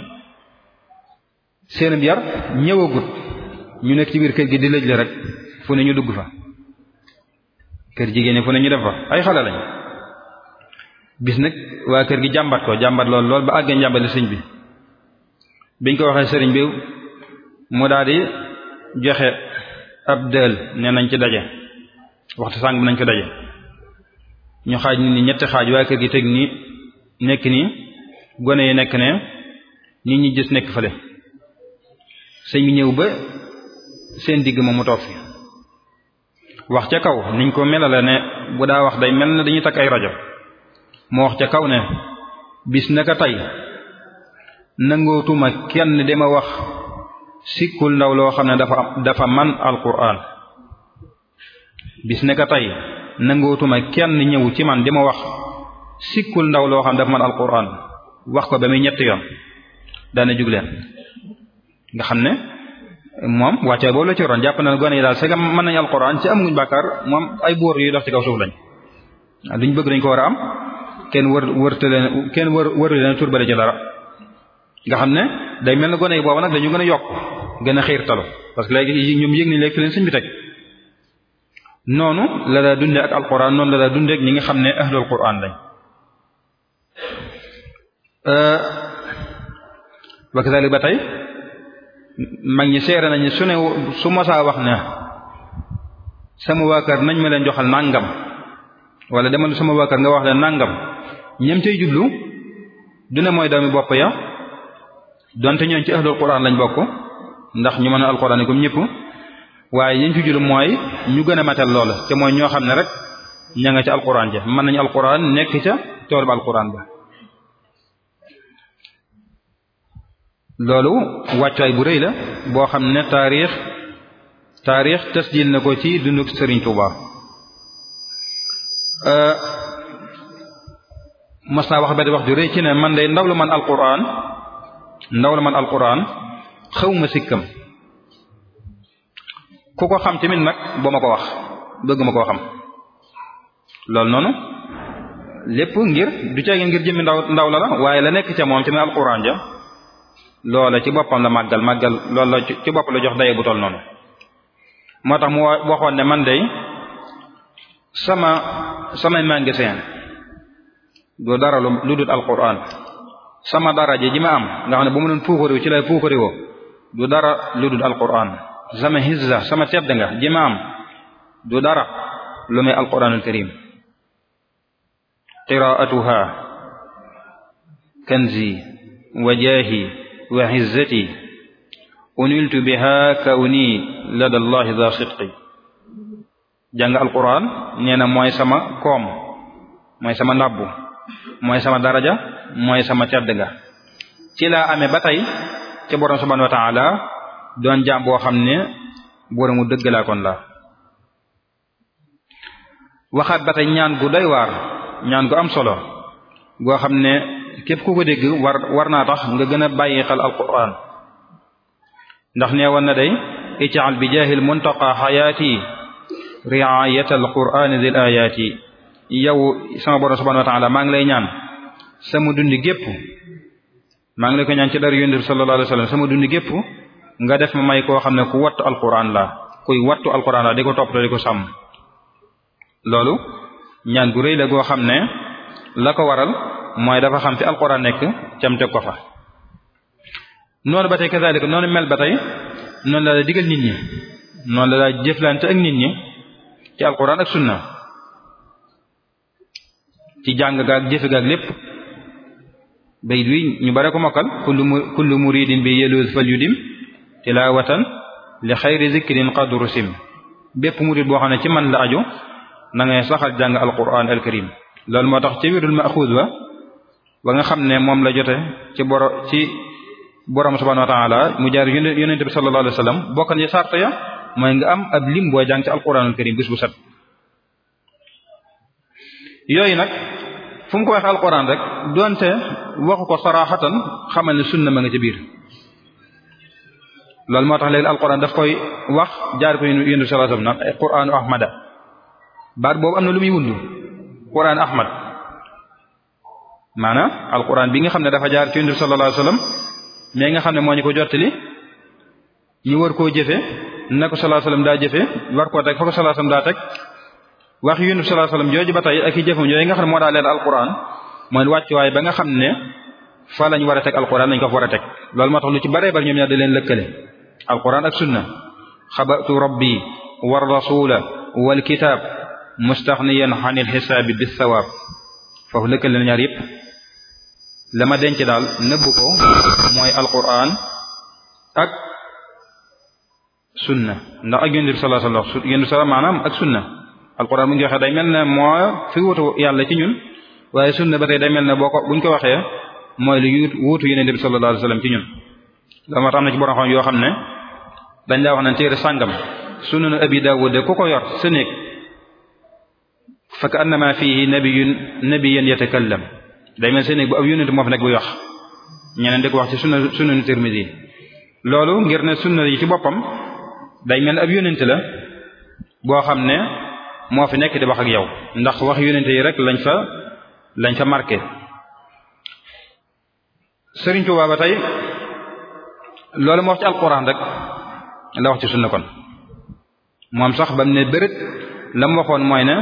seen yar ñëwagut ñu nekk ci biir kër gi di lëj li rek fu ne ñu dugg fa kër jigéen ñi fu ne ñu def fa ay xale lañ bis nag waa kër gi jàmbat ko jàmbat lool lool ba àggee njàmbali sëñ bi biñ ko waxee sëriñ bi mu daal di joxe ab dël ne nañ ci daje waxtu sàng bi nañ ko daje ñu xaaj nit ñi ñetti xaaj waaye kër gi teg ni nekk ni gone yi nekk ne nit ñi gis nekk fale sëñ bi ñëw ba seen digg moom mu toog fi wax ca kaw niñ ko melale ne bu daa wax day mel ne dañuy takk ay rajo moo wax ca kaw ne bis naka tey nangootuma kenn ma wax sikkul ndaw loo xam ne dafa dafa man alquran bis naka tey nangootuma kenn ñëw ci man di ma wax sikkul ndaw loo xam daf man alquran wax ko ba muy ñetti yoon daana jug leen nga xam ne moom wàccaay boobu la ci waroon jàpp na gone yi daal sega man nañu alquran ci am nguñ bàkkaar moom ay bóor yuy dox ci kaw suuf lañ luñ bëgg dañ ko war a am kenn wër wërtaleen kenn wër wër leen turbale ci dara nga xam ne day mel ne gone yi boobu nag dañu gën a yokk gën a xiirtalu parce que léegi ñoom yëg nañ léegi fi leen sëñ noonu la daa dundee ak alquran noonu la daa dundee ak ñi nga xam ne ahlul quran lañ wa kadalik ba tey mag ñi seere nañu su su mosaa wax ne sama waa nañ ma leen joxal nàngam wala demal sama waa nga wax leen nàngam ñem tey jublu du ne mooy doomi bopp ya donte ñooñ ci ahlul quran bokk ndax ñu mën a alquran yi comme ñëpp waaye yiñ ci jul mooy ñu gën a matal loola te mooy ñoo xam ne rek ña nga ca alquran ja mën nañu alquran nekk ca tool ba alquran ba loolu wàccuwaay bu rëy la boo xam ne taarix taarix tasdiil na ko ci dundu Serigne Touba euh, mos naa wax benn wax ju rëy ci ne man day ndaw la man alquran ndaw la man alquran xaw ma sikkam ku ko xam tamit nag boo ma ko wax bëgg ma koo xam loolu noonu lépp ngir du caa ngir jëmmi ndaw ndaw la la waaye la nekk ca moom tamit alxuraan ja loola ci boppam la màggal màggal loolu la ci bopp la jox daye bu toll noonu moo tax mu waxoon ne man day sama samay magasin du dara lu dul alquran sama daraje ji ma am nga xam ne bu mu doon puukaree ci lay puukaree du dara lu dul alquran sama hizza sama tedd nga jimaam du dara lu may alquranul karim qiraatuha kanzi wa jaahi wa hizzati uniltu biha kawni lada llahi da sidqi jàng alquran nee na mooy sama kom mooy sama nab mooy sama daraja mooy sama tedd nga ci laa amee ba ci borom subhanahu wa doon jaam boo xam ne boromu dëgg laa kon la waxaat ba ñaan gu day waar ñaan gu am solo goo xam ne képp ku ko dégg war war naa tax nga gën a bàyyi xel alquran ndax nee woon na day ijaal bi jaahil muntaqa xayaati riayata alqurani dil ayaati yow sama borom subhanahu maa ngi lay ñaan sama dundi gépp maa ngi lay ko ñaan ci dar yonent bi sallallahu alayhi wasallam sama dundi gépp nga def ma may koo xam ne ku wattu alquran la kuy wattu alquran la di ko toppatoo di ko sàmm loolu ñaan gu rëy la goo xam ne la ko waral mooy dafa xam fi alquran nekk cam teg ko fa noonu ba tey kazaalika noonu mel ba tey noonu la daa digal nit ñi noonu la daa jëflante ak nit ñi ci alquran ak sunna ci jàng gaag jëfe gaag lépp bayit wi ñu bare ko mokkal kullu kullu muridin bi yeluz fal yudim tilaawatan li xayri zikrin qadru sim bépp murid boo xam ne ci man la aju na ngay saxal jàng alquran alkarim loolu moo tax ci wirul maxuus ba ba nga xam ne moom la jote ci boro ci borom subhanahu wa taala mu jaar yonente bi sallallahu alayhi wasallam bokk na ci sart ya mooy nga am ab lim booy jàng ci alquranul karim bis bu set yooyu nag fu mu ko waxee alquran rek doonte waxu ko saraxatan xamal ne sunna ma nga ci biir loolu moo tax al alquran daf koy wax jaar ko yéndu sallallahu alayhi wasallam naan quraanu ahmada baat boobu am na lu muy wund quraan ahmad maanaam alquran bi nga xam ne dafa jaar ci yéndu sallallahu alayhi mais nga xam ne moo ñu ko jottali ñu war koo jëfe na ko sallallahu daa jëfe war koo teg fa ko sallallahu alayhi wasallam daa teg wax yéndu sallallahu alayhi wasallam jooju ba tey ak i nga xam ne moo daa leen alquran mooy wàccuwaay ba nga xam ne fa lañ war a teg alquran lañ ko war a teg loolu moo tax lu ci bare bari ñoom ñaar da leen lëkkale alquran ak sunna xabatu rabbi war rasula wal kitaab mustaxniyan xanil xisaabi bis sawaab foofu lëkkale na ñaar yëpp lama denc daal nëbbu ko mooy alquran ak sunna ndax ak yonent bi sallallahu alayhi wasallam ak sunna alquran bu ñu waxee day mel ne moo fi wutu yàlla ci ñun waaye sunna ba tey day mel ne boo ko buñ ko waxe mooy lu wuutu yonent bi sallallahu alayhi wasallam ci ñun. loolu moo na ci borom xam ne. dañ laa wax ne téere sàngam sunanu abi daawud ku ko yor sa néeg fa ka annama fihi nabiyun nabiyan day mel sa néeg bu ab yonent moo fa nekk buy wax ñeneen di ko wax ci suna sunanu tirmidi loolu ngir ne sunna yi ci boppam day mel ab yonent la boo xam ne moo fi nekk di wax ak yow ndax wax yonent yi rek lañ fa lañ fa marqué Sëriñ Tuubaa ba tey loolu moo wax ci alquran rek la wax ci sunna kon moom sax ba mu ne bërët la waxoon mooy ne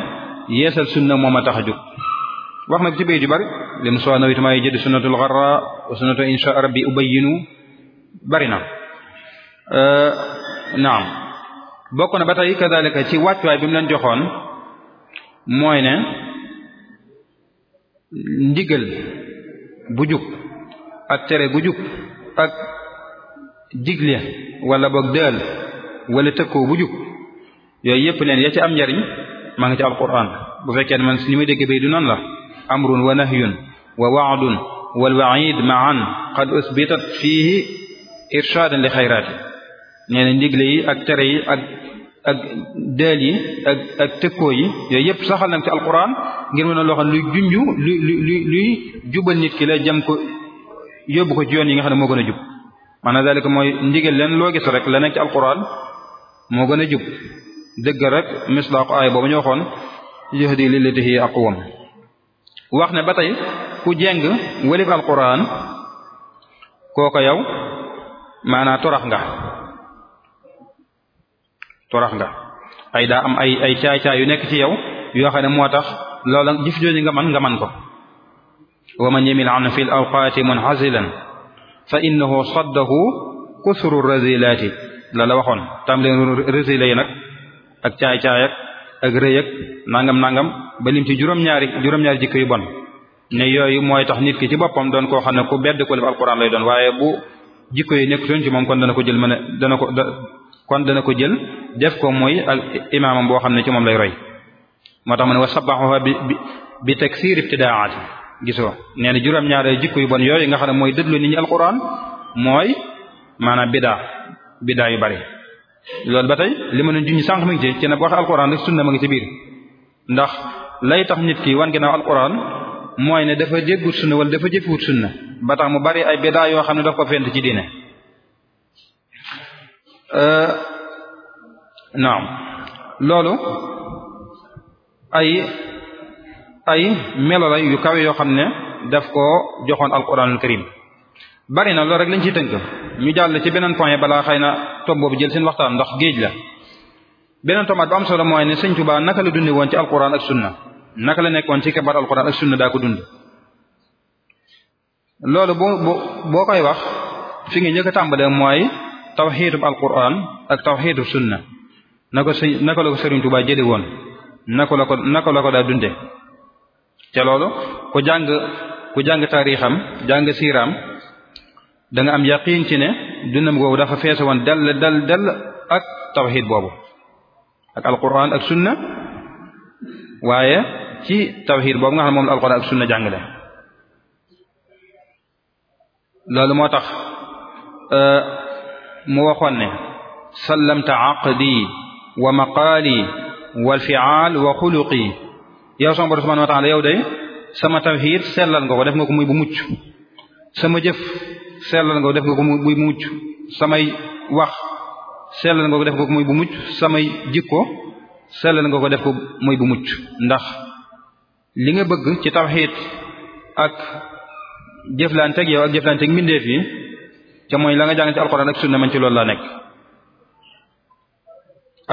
yeesal sunna moom a tax a jóg wax na ko ci bay ju bari lim soo nawitu may jëdd sunnatul gharra wa sunnatu insha rabbi ubayyinu bari na naam bokk na ba tey kadalika ci wàccuwaay bi mu leen joxoon mooy ne ndigal bu jub ak tere gu jub ak digle wala boog dël wala tëkkoo bu jub yooyu yëpp leen ya ci am njariñ maa ngi ci alquran bu fekkee ne man ni muy dégg bay du noonu la amrun wa nahyun wa waadun wal waid maan qad usbitat fii irshaadan li xayraati nee na yi ak tere yi ak ak yi ak ak yi yooyu yëpp saxal nañ ci alquran ngir mën a loo xam luy junju luy luy luy jubal nit ki la jëm ko yóbbu ko ci yoon yi nga xam ne moo gën a jub maanaam dalika mooy njigéen leen loo gis rek la nekk ci alquran moo gën a jub dëgg rek ay aaya boobu ñu waxoon yahdi lillati hiya aqwam wax ne ba tey ku jeng walif alquran kooko yow maanaa torax nga torax nga ay daa am ay ay caay-caay yu nekk ci yow yoo xam ne moo tax loola jëf jooju nga man nga man ko wa man yamil an fil awqaati munhazilan fa innahu saddahu kusru razilaati la la waxoon tam leen résila nag ak caay-caay ak ak rëy nangam nangam ba lim ci juróom-ñaari juróom-ñaari jikko yu bon ne yooyu mooy tax nit ki ci boppam doon koo xam ne ku bedd ko lif alquran lay doon waaye bu jikko nekk nekkutoon ci moom kon dana ko jël mën dana ko kon dana ko jël def ko mooy ak imaamam boo xam ne ci moom lay roy moo tax ma ne wa sabaxoha bi bi taksir ibtidaati gisoo nee juróom ñaaree jikk yu bon yooyu nga xam ne mooy dëdlu nit ñi alquran mooy maanaam bidaa bidaa yu bari loolu ba tey li ma leen junj sànq mi ngi ci ci ne wax alquran rek sunna ma ngi ci biir ndax lay tax nit ki wan ginnaaw alquran mooy ne dafa jéggut sunna wala dafa jëfewut sunna ba tax mu bari ay bidaa yoo xam ne daf ko fent ci diine naam loolu ay ay melo la yu kaw yoo xam ne def ko joxoon alquranul karim bari na loolu rek lañ ci tënk ñu jàll ci beneen point balaa xëy na tomb boobu jël seen waxtaan ndax géej la beneen tombaat bu am solo mooy ne Sëriñ Tuubaa naka la dunde woon ci alquran ak sunna naka la nekkoon ci kebar alquran ak sunna daa ko dund loolu boo boo koy wax fi nga jëkk a tàmbalee mooy tawxiidub alquran ak taw tawxiidub sunna nako naka la ko Sëriñ Tuubaa jële woon naka la ko naka la ko daa dunde te loolu ku jàng ku jàng taarixam jàng siiraam da nga am yaqiin ci ne dunam googu dafa feese woon dell dell dell ak tawxiid boobu ak alquran ak sunna waaye ci tawxiid boobu nga xam ne moom la alquran ak sunna jàngale loolu moo tax euh, mu waxoon ne sallamta aqdi wa maqaali wa alfiaal wa xuluqi yow sama borom subhanahu wa ta'ala yow day sama taw tawxiid sellal nga ko def nga ko muy bu mucc sama jëf sellal nga ko def nga ko muy bu mucc samay wax sellal nga ko def ko muy bu mucc samay jikko sellal nga ko def ko muy bu mucc ndax li nga bëgg ci tawxiid ak jëflanteeg yow ak jëflanteeg mbindeef yi te mooy la nga jàng ci alxuraan ak na mañ ci loolu laa nekk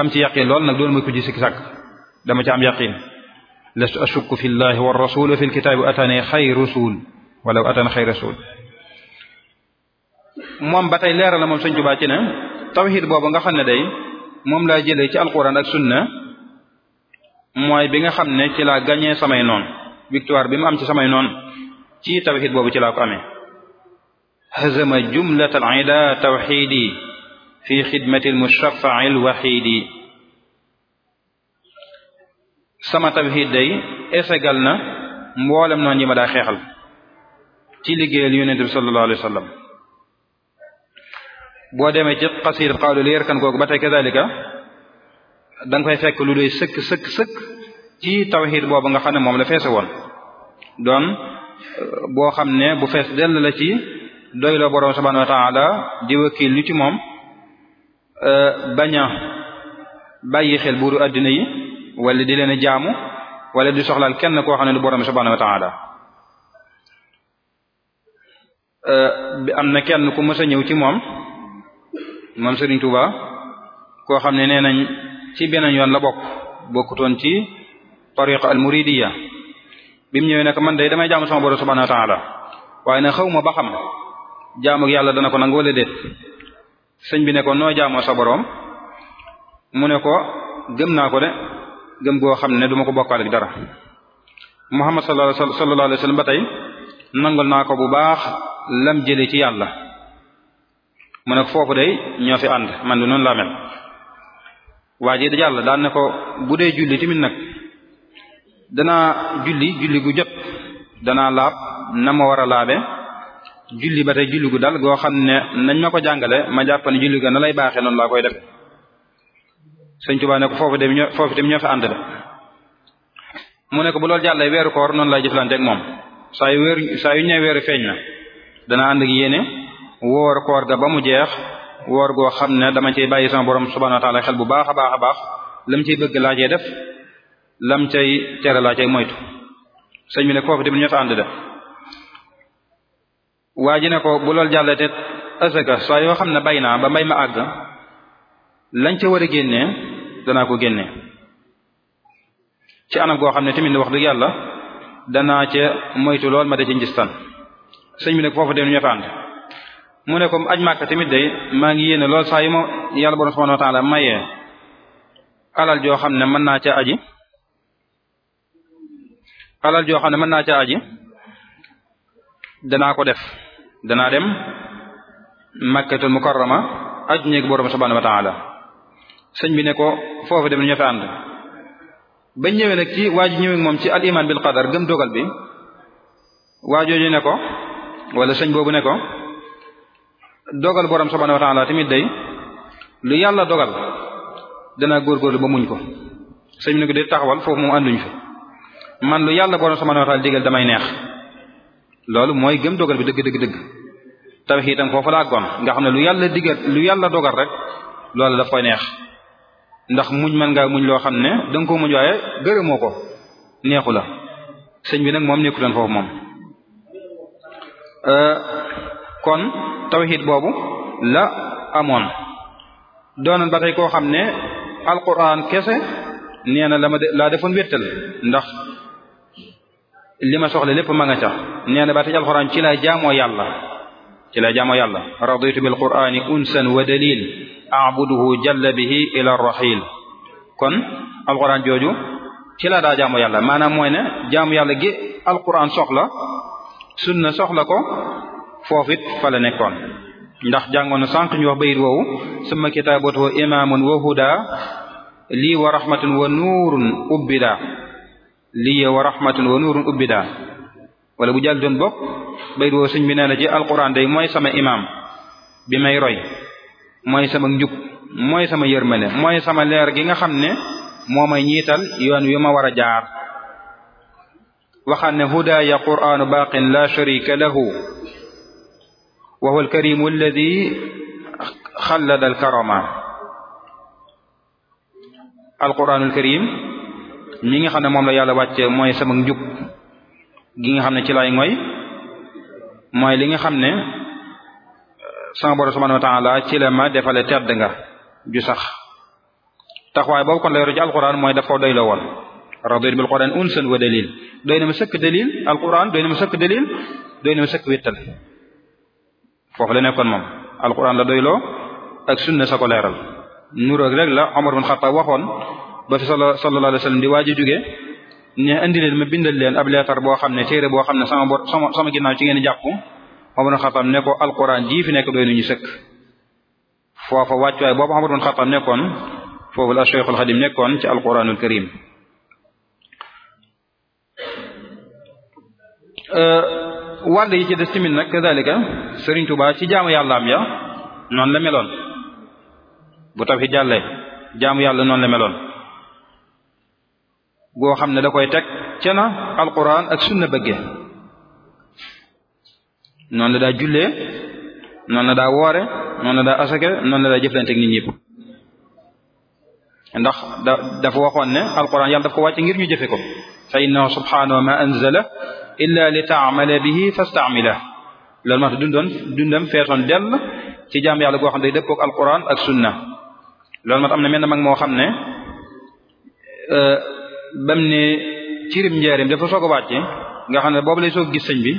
am ci yaqin lool nag doon mooy ku ci sikki sàkk dama ci am yaqin lastu ashukku fi llahi wa rasul fi lkitaabi ataani xay rasul wala ataani xay moom ba tey leeral na moom sëñ Tuubaa ci ne tawxid boobu nga xam ne day moom laa jëlee ci alquran ak sunna mooy bi nga xam ne ci laa gagné samay noon victoire bi mu am ci samay noon ci tawxid boobu ci laa ko amee hazama jumlatal ida tawxidi fi xidmati almushafaai alwaxidi sama tawxiid day esegal na mboolem noonu yi ma daa xeexal ci liggéeyal yonent bi sallallahu alayhi wasallam boo demee ci xasiir xaalu li yerkan kooku ba tey kadalika da fay fekk lu doy sëkk sëkk sëkk ci tawxiid boobu nga xam ne moom la feese woon doon euh, boo xam ne bu fees dell la ci doyloo borom subhanahu wa ta'ala di wakiil lu ci moom euh, baña bàyyi xel buru àddina yi wala di leen a jaamu wala di soxlaal kenn koo xam ne du borom subhanahu wa ta'ala euh, am na kenn ku mës ñëw ci moom moom Serigne Touba koo xam ne nee nañ ci beneen yoon la bokk bokkutoon ci tariqa al muridiyya bi mu ñëwee nag man day damay jaamu sama borom subhanahu wa ta'ala waaye nag xaw ma ba xam jaamu yàlla dana ko nangu wala déet sëñ bi ne ko noo jaamoo sa mu ne ko gëm naa ko de. gëm goo xam ne duma ko bokkaal dara Muhammad sallallahu alayhi wa ba tey nangul naa ko bu baax lam jëlee ci yàlla mu ne foofu day ñoo fi ànd man du noon laa mel waa ji da yàlla daal ne ko bu dee julli tamit nag danaa julli julli gu jot danaa laab na ma war a laabe julli ba tey julli gu dal goo xam ne nañ ma ko jàngale ma jàpp ne julli ga na lay baaxee noonu laa koy def sëñ Tuubaa ne ko foofu dem foofu dem ñoo fa ànd la mu ne ko bu loolu jàllee weeru koor noonu lay jëflanteeg moom saa yu weer saa yu ñëw weeru feeñ na dana ànd ak yéene koor ga ba mu jeex woor goo xam ne dama cey bàyyi sama borom subhaanahu wa xel bu baax a baax a baax lam cay bëgg laaj cay def lam cay tere laa cay moytu sëñ bi ne foofu dem ñoo fa ànd de waa ji ne ko bu loolu jàllee te asaka saa yoo xam ne bay naa ba mbay ma àgg lañ ca war a génnee danaa ko génnee ci anam goo xam ne tamit wax dëgg yàlla danaa ca moytu lool ma da ca njistan sëñ bi nag foofu dem ñu mu ne comme aj Màkka tamit day maa ngi yéene lool saa yu ma yàlla borom subhanahu wa ta'ala mayee alal joo xam ne mën naa ca aji alal joo xam ne mën naa ca danaa ko def danaa dem Makkatul Mukarrama aj néeg borom subhanahu wa ta'ala sëñ bi ne ko foofu dem ñoo fi ànd ba ñëwee nag ci waa ñëwee moom ci al iman bil qadar gëm dogal bi waajooju ne ko wala sëñ boobu ne ko dogal borom subhanahu wa ta'ala tamit day lu yàlla dogal danaa góorgóorlu ba muñ ko sëñ bi de taxawal foofu moom ànduñ fi man lu yàlla borom subhanahu wa ta'ala damay neex loolu mooy gëm dogal bi dëgg dëgg dëgg tabax itam foofu laa gon nga xam ne lu yàlla digal lu yàlla dogal rek loolu daf koy neex ndax muñ mën ngaa muñ loo xam ne da koo ko muñ waaye gërëmoo ko neexu la sëñ bi nag moom nekkutoon foofu moom euh, kon tawxiid boobu la amoon doonoon ba tey koo xam ne alquran kese nee na la ma laa defoon wéttal ndax li ma soxla lépp ma nga ca nee na ba tey alquran ci laa jaamoo yàlla ci la jamo yàlla raditu bil qur'ani unsan wa dalil a'buduhu jalla bihi ila rahil kon alquran jooju ci la daa jaamu yàlla maanaam mooy ne jaamu yàlla gi alquran soxla sunna soxla ko foofit it la nekkoon ndax jàngoon na sànq ñu wax bayit woowu summa kitaabatu wa wa huda lii wa rahmatun wa nuurun ubbida lii wa rahmatun wa nuurun ubbida wala bu jàll doon bokk bay woo sëñ bi nee na ci alquran day mooy sama imaam bi may roy mooy sama njub mooy sama yërmale mooy sama leer gi nga xam ne moo may ñiital yoon wi ma war a jaar waxaan ne hudaaya quranu baqin la sharika lahu wa huwa alkarimu alladi xallada alkarama alquranul karim ñi nga xam ne moom la yàlla wàcce mooy sama njub gi nga xam ne ci lay mooy mooy li nga xam ne sama borom subhanahu wa ta'ala ci la ma defale tedd nga ju sax taxawaay boobu kon lay roji alquran mooy daf ko doyloo woon raditu bil quran unsan wa dalil doy na ma sëkk dalil alquran doy na ma sëkk dalil doy na ma sëkk wéttal foofu la nekkoon moom alquran la doyloo ak sunna sa leeral nuroog rek la Omar bin Xattaab waxoon ba fi sallallahu alayhi wasallam di waaji jóge ne andi leen ma bindal leen ab leetar boo xam ne téere boo xam ne sama bot sama sama ginnaaw ci ngeen jàpp Omar ibn Khattab ne ko alquran jii fi nekk doy nañu sëkk foofa wàccuwaay boobu Omar ibn nekkoon foofu la Cheikhul Xadim nekkoon ci alquranul karim wàll yi ci des tamit nag kadalika Serigne Touba ci jaamu yàllaam ya noonu la meloon bu taw fi jàllee jaamu yàlla noonu la meloon goo xam ne da koy teg ce na alquran ak sunna bëggee noonu la daa jullee noonu la daa woore noonu la daa asake noonu la daa jëflante ak nit ñëpp ndax da dafa waxoon ne alquran yàlla daf ko wàcce ngir ñu jëfe ko fa innahu subhanahu ma anzala illa li taamala bihi fastaamila loolu moo tax dundoon dundam feetoon dell ci jaam yàlla goo xam ne day dëppook alquran ak sunna loolu moo tax am na menn mag moo xam ne euh, bam ne ci rib njaarim dafa soog a wàcce nga xam ne boobu lay soog gis sëñ bi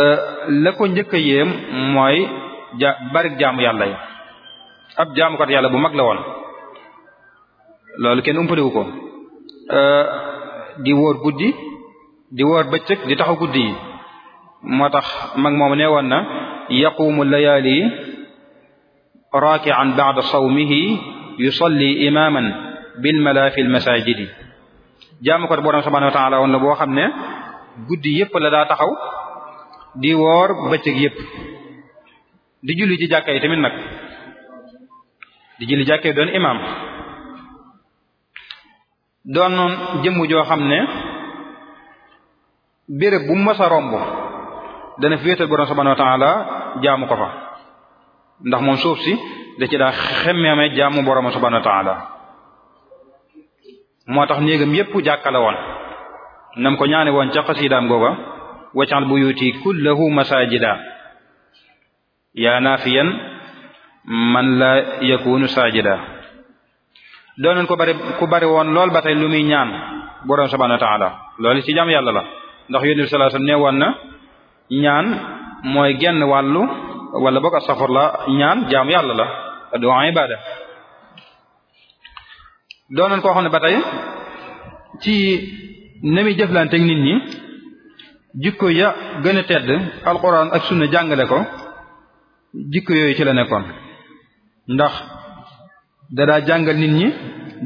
euh, la njëkk a yéem mooy ja barik jaamu yàlla yi ab jaamukat yàlla bu mag la woon loolu kenn umpaliwu ko euh, di wóor guddi di wóor bëccëg di taxaw guddi yi moo tax mag moom nee woon na yaqumu layaali raaki'an ba'da sawmihi yusalli imaaman bil malafil masajidi jaamu ko borom subhanahu wa ta'ala woon la boo xam ne guddi yëpp la daa taxaw di woor bëccëg yëpp di julli ci jàkka tamit nag di julli jàkka yi doon imaam doon jëmm joo xam ne béréb bu mës a romb dana fi wéetal borom subhanahu wa ta'ala jaamu ko fa ndax moom suuf si da ci daa xemmeeme jaamu borom subhanahu wa ta'ala moo tax néegam yépp jàkkala woon nam ko ñaane woon ca xasiidaam googa waccaxal bu yuuti kullahu masajida yaa naafiyan man la yakunu sajida doonoon ko bari ku bari woon lool ba tey lu muy ñaan boroom subhanahu wa ta'ala loolu ci jàmm yàlla la ndax yónni ne woon na ñaan mooy genn wàllu wala boog asafar la ñaan jaamu yàlla la du'a ibada doonoon koo xam ne ba tey ci na muy jëflante ak nit ñi jikko ya gën a tedd alquran ak sunna jàngale ko jikko yooyu ci la nekkoon ndax dadaa jàngal nit ñi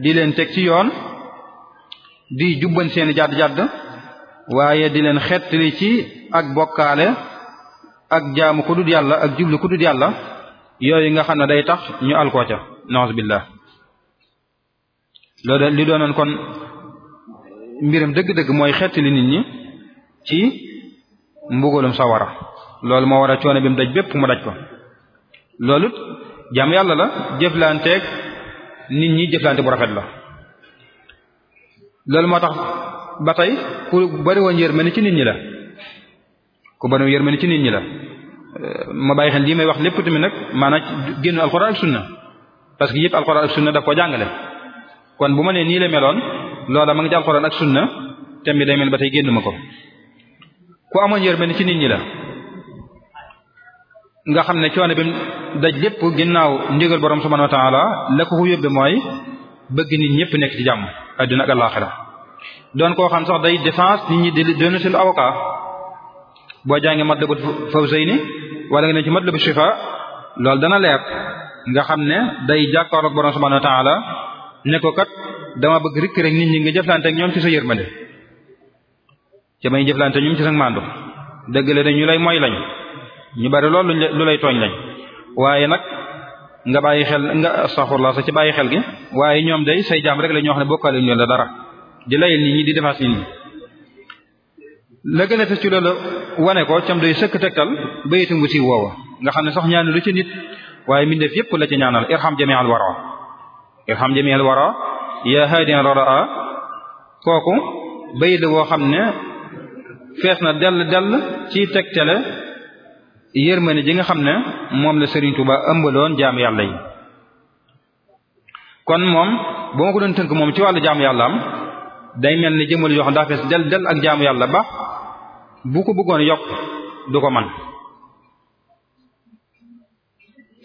di leen teg ci yoon di jubban seeni jàdd-jàdd waaye di leen xettali ci ak bokkaale ak jaamu ku dul yàlla ak jublu ku dul yàlla yooyu nga xam ne day tax ñu alkoo ca naas loolu li doonoon kon mbiram dëgg-dëgg mooy xettali nit ñi ci mbugalum sawara loolu moo war a coono bi mu daj bépp mu daj ko loolu jàmm yàlla la jëflanteeg nit ñi jëflante bu rafet la loolu moo tax ba tey ku bari woon yërmande ci nit ñi la ku bari woon yërmande ci nit ñi la ma bàyyi xel lii may wax lépp tamit nag maanaam génn alxuraan ak sunna parce que yëpp alxuraan ak sunna daf ko jàngale kon bu ma nee nii la meloon loola ma ngi ci alxuraan ak sunna thème bi day mel ba tey génn ma ko ku amoon yërmande ci nit ñi la nga xam ne coono bi daj lépp ginnaaw ndigal borom subhanahu wa ta'ala la ko ko yóbbe mooy bëgg nit ñëpp nekk ci jàmm adduna ak àllaaxira doon koo xam sax day défense nit ñi di doon seen avocat boo jàngee Matlabul Fawzayni wala nga ne ci Matlabul Shifa loolu dana leer nga xam ne day jàkkaarloog borom subhanahu wa ta'ala ne ko kat dama bëgg rikk rek nit ñi nga jëflante ak ñoom ci sa yërmande ca may jëflante ñoom ci sa màndu dëgg la dañu lay mooy lañ ñu bari loolu lu lay tooñ lañ waaye nag nga bàyyi xel nga astaxfirullah sa ci bàyyi xel gi waaye ñoom day say jaam rek la ñoo ne bokkaale ñu la dara di layal nit ñi di defaat nit ñi la gën a te ci loolu wane ko cam doy sëkk tegtal bayitam wu si woowa nga xam ne sax ñaani lu ci nit waaye mbindeef yépp la ci ñaanal irham jami'al wara irham jamil wara yaa haydin raraa kooku bayit la woo xam ne fees na dell dell ci tegtale yërmande ji nga xam ne moom la Serigne ba ëmbaloon jaam yàlla yi kon moom boo ma ko doon tënk moom ci wàllu jaam yàlla am day mel ni jëmmal yoo xam daa fees del del ak jaamu yàlla ba bu ko bëggoon yokk du ko man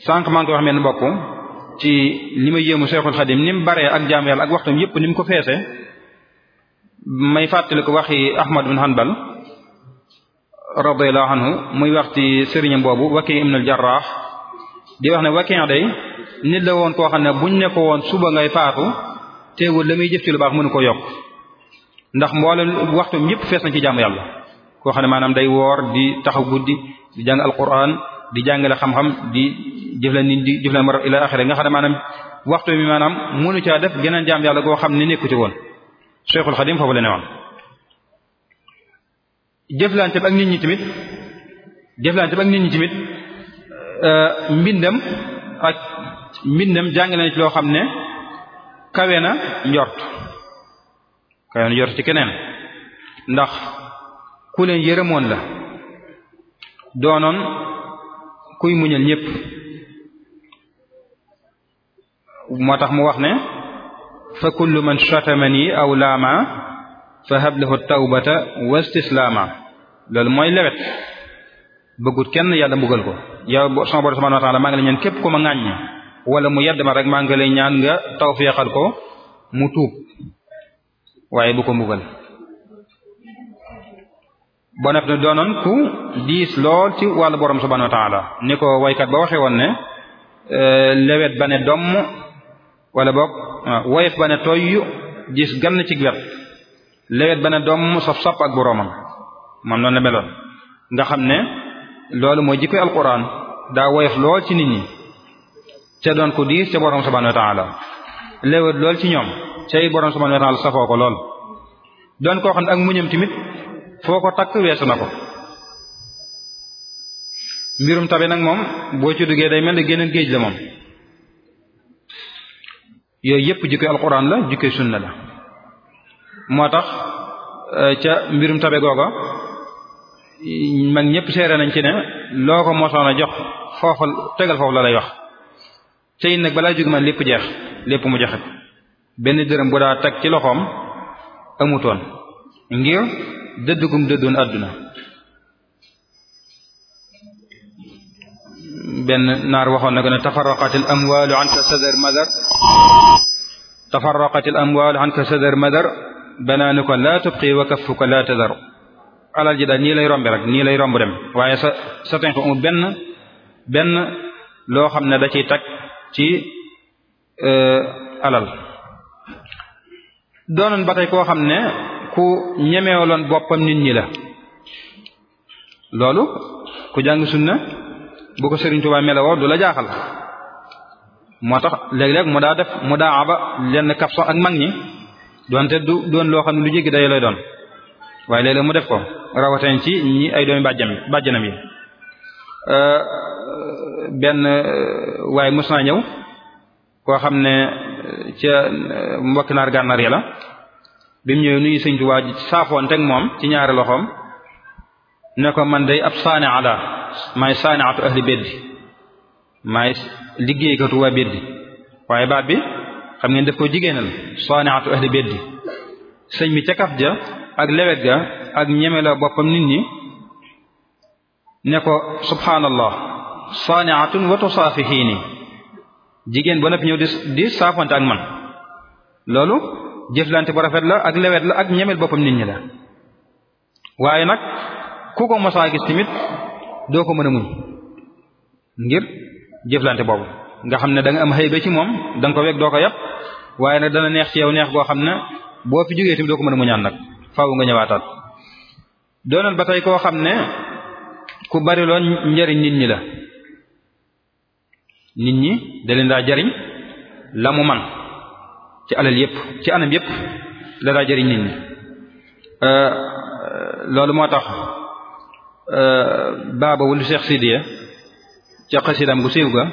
sànq maa ngi ko wax mel ni ci li ma yéemu Seexul Xadim ni mu baree ak jaam yàlla ak waxtum yépp ni ko feese may fàttali ko waxi Ahmad bin Hanbal radiyallahu anhu muy wax ci sëriñam boobu Waki ibn al-Jarrah di wax ne Waki day nit la woon koo xam ne bu ne ko woon suba ngay faatu teewul la muy jëf ci lu baax mënu ko yokk ndax mboolem waxtum yépp fees na ci jaam yàlla koo xam ne maanaam day woor di taxaw guddi di jàng alquran di jàngale xam-xam di jëflan nit ma raf ila axira nga xam ne maanaam waxtu bi maanaam mënu caa def geneen jaam yàlla goo xam ne nekku ci woon Cheikhul Xadim foofu la ne woon jëflante bi ak nit ñi tamit jëflante bi ak nit ñi tamit euh, mbindam ak mbindam jàngale na ci loo xam ne kawe na njort kawe na ci keneen ndax ku leen yërëmoon la doonoon kuy muñal ñépp moo tax mu wax ne fa kullu man shatamani aw laama fa hablahu tawbata wa istislaama loolu mooy lewet bëggut kenn yàlla mbugal ko yow sama borom subhanahu wa maa ngi la ñaan képp ko ma ŋàññ wala mu yedd ma rek maa ngi lay ñaan nga tawfiqal ko mu tuub waaye bu ko mbugal ba noppi doonoon ku diis lool ci wàllu borom subhanahu wa ta'ala ni ko waykat ba waxe woon ne eh, lewet ba ne domm wala boog woyof ba ne tooy gis gann ci wet lewet ba ne doom sof-sopp ak boroomam moom noonu la meloon nga xam ne loolu mooy jikkoy alquran daa woyof lool ci nit ñi ca doon ko diis ca boroom subhanahu wa ta'ala lewet lool ci ñoom cay boroom subhanahu wa ta'ala safoo ko lool doon koo xam ne ak muñam tamit foo ko takk weesu na ko mbirum tabe nag moom boo ci duggee day mel ne génneen géej la moom yooyu yépp jikkoy alquran la jikkoy sunna la moo tax eh, ca mbirum tabe googa mag ñépp seere nañ ci ne loo ko mosoon a jox foofa tegal foofu la lay wax te it nag balaa jóg man lépp jeex lépp mu joxe benn dërëm bu daa teg ci loxoom amutoon ngir dëddugum dëddoon àdduna benn naar waxoon na ko ne amwaalu madar tafarraqat al amwaal anka sadar madar banaanuka laa tubqi wa kaffuka laa tadar alal ji daal nii lay rombe rek nii lay romb dem waaye sa sa tenk amul benn benn loo xam ne da ciy tag ci euh, alal doonoon ba tey koo xam ne ku ñemeewaloon boppam nit ñi la loolu ku jàng sunna bu ko Sëriñ Tuubaa melawoo du la jaaxal moo tax léeg-léeg mu daa def mu daa aba lenn kapso ak mag ñi doonte du doon loo xam ne lu jéggi da lay doon waaye léeg-léeg mu def ko rawatin ci ñi ay doomi bàjjam bàjjanam yi euh, benn euh, waaye mos ñëw koo xam ne euh, ca mbokki naar gànnaar yi la bi mu ñëw nuyu sëñ Tuubaa moom ci ñaari loxoom ne ko man day ab saani ala maay saani atu ahli beddi maay liggéeykatu waa beddi waaye baat bi xam ngeen def ko jigéenal saaniatu ahli beddi sëñ bi ca kaf ja ak lewet ga ak ñeme la boppam nit ñi ne ko subhaanallah saaniatun wa tusaafihiini jigéen ba noppi ñëw di saafante ak man loolu jëflante bu rafet la ak lewet la ak ñemel boppam nit ñi la waaye nag ku ko mosaa gis tamit doo ko mën a muñ ngir jëflante boobu nga xam ne da nga am xëy ba ci moom da nga ko weg doo ko yàpp waaye nag dana neex ci yow neex goo xam ne boo fi jógee tamit doo ko mën a mu ñaan nag faaw nga ñëwaataat doonal ba tey koo xam ne ku bari loo njariñ nit ñi la nit ñi da leen daa jariñ la mu man ci alal yépp ci anam yépp la daa jariñ nit ñi euh, loolu moo tax euh, baaba wulu Cheikh Sidiya ca xasidam gu siiw ga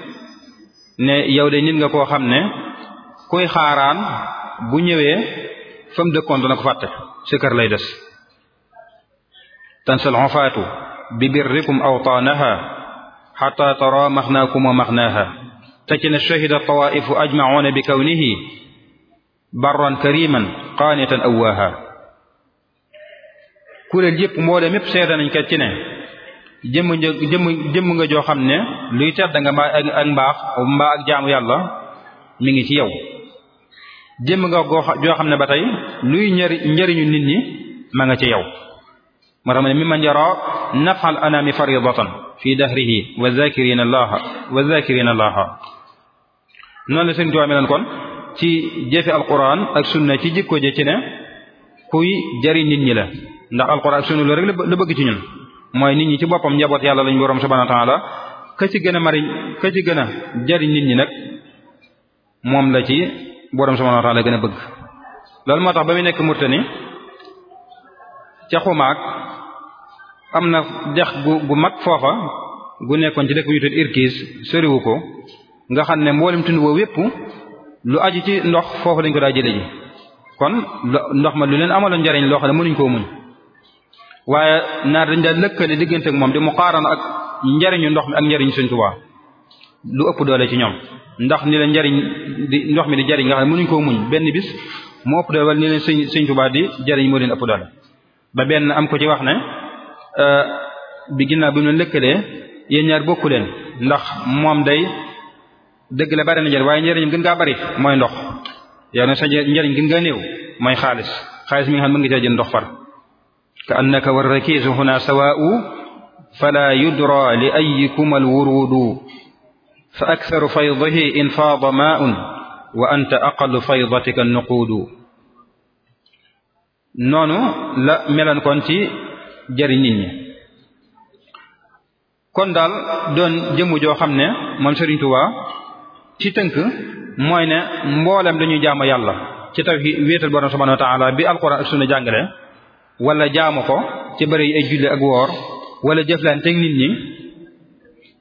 ne yow de nit nga koo xam ne kuy xaaraan bu ñëwee fa mu dëkkoon dana ko fàtte sikkar lay des tansal xofaatu bi birrikum awtaanaha xata tara maxnaakum wa maxnaaha te ci ne shahida tawaifu ajmacuuna bi kawnihi barran kariman qaanitan awaaha kuréel yépp mboolem yépp seede nañ kat ci ne jëm një jëmm nga joo xam ne luy tedd nga mbaa ak mbaax mbaa ak jaamu yàlla mi ngi ci yow jëmm nga goo joo xam ne ba tey luy ñëri njëriñu nit ñi ma nga ci yow moo tax ma mi ma njara nafal anami faridatan fi dahrihi wa zakirina allaha wa zakirina allaha noonu la seen tuwaa meleen kon ci jëfe alquran ak sunna ci jikko je ci ne kuy jëriñ nit ñi la ndax alquran ak sunna loolu rek la bëgg ci ñun mooy nit ñi ci boppam njaboot yàlla lañ boroom subhanahu wa ta'ala ci gën a mari ka ci gën jariñ nit ñi nag moom la ci boroom subhanahu wa ta'ala gën a bëgg loolu moo tax ba muy nekk murtani ca xumaag am na dex gu gu mag foofa gu nekkoon ci dëkk bu ñu tudd irkis soriwu ko nga xam ne mboolem tund woo wépp lu aju ci ndox foofu lañ ko daa jële ji kon ndox ma lu leen amaloon njariñ loo xam ne mënuñ koo muñ waaye naar dañ daal lëkkale diggante ak moom di mu xaaran ak njariñu ndox mi ak njariñu Sëriñ Tuubaa lu ëpp doole ci ñoom ndax ni la njariñ di ndox mi di jariñ xam ne mënuñ koo muñ benn bis mu ëpp doole wala ni leen Sëriñ Sëriñ di jariñ moo leen ëpp doole ba benn am ko ci wax ne euh, bi ginnaaw bi mu leen lëkkalee yéen ñaar bokk leen ndax moom day dëgg la bari na njariñ waaye njariñam gën ngaa bari mooy ndox yow ne sa njariñ gën ngaa néew mooy xaalis xaalis mi nga xam ne mën nga cee jënd ndox far كأنك والركيز هنا سواء فلا يدرى لأيكما الورود فأكثر فيضه إن فاض ماء وأنت أقل فيضتك النقود noonu la melan kon ci jëriñ nit ñi kon daal doon jëmm joo xam ne moom Serigne Touba ci tënk mooy ne mboolem dañuy jaamu yàlla ci taw wéetal borom subhanahu wa ta'ala bi alquran ak sunna jàngale wala jaamu ko ci bëri ay julli ak woor wala jëflante ak nit ñi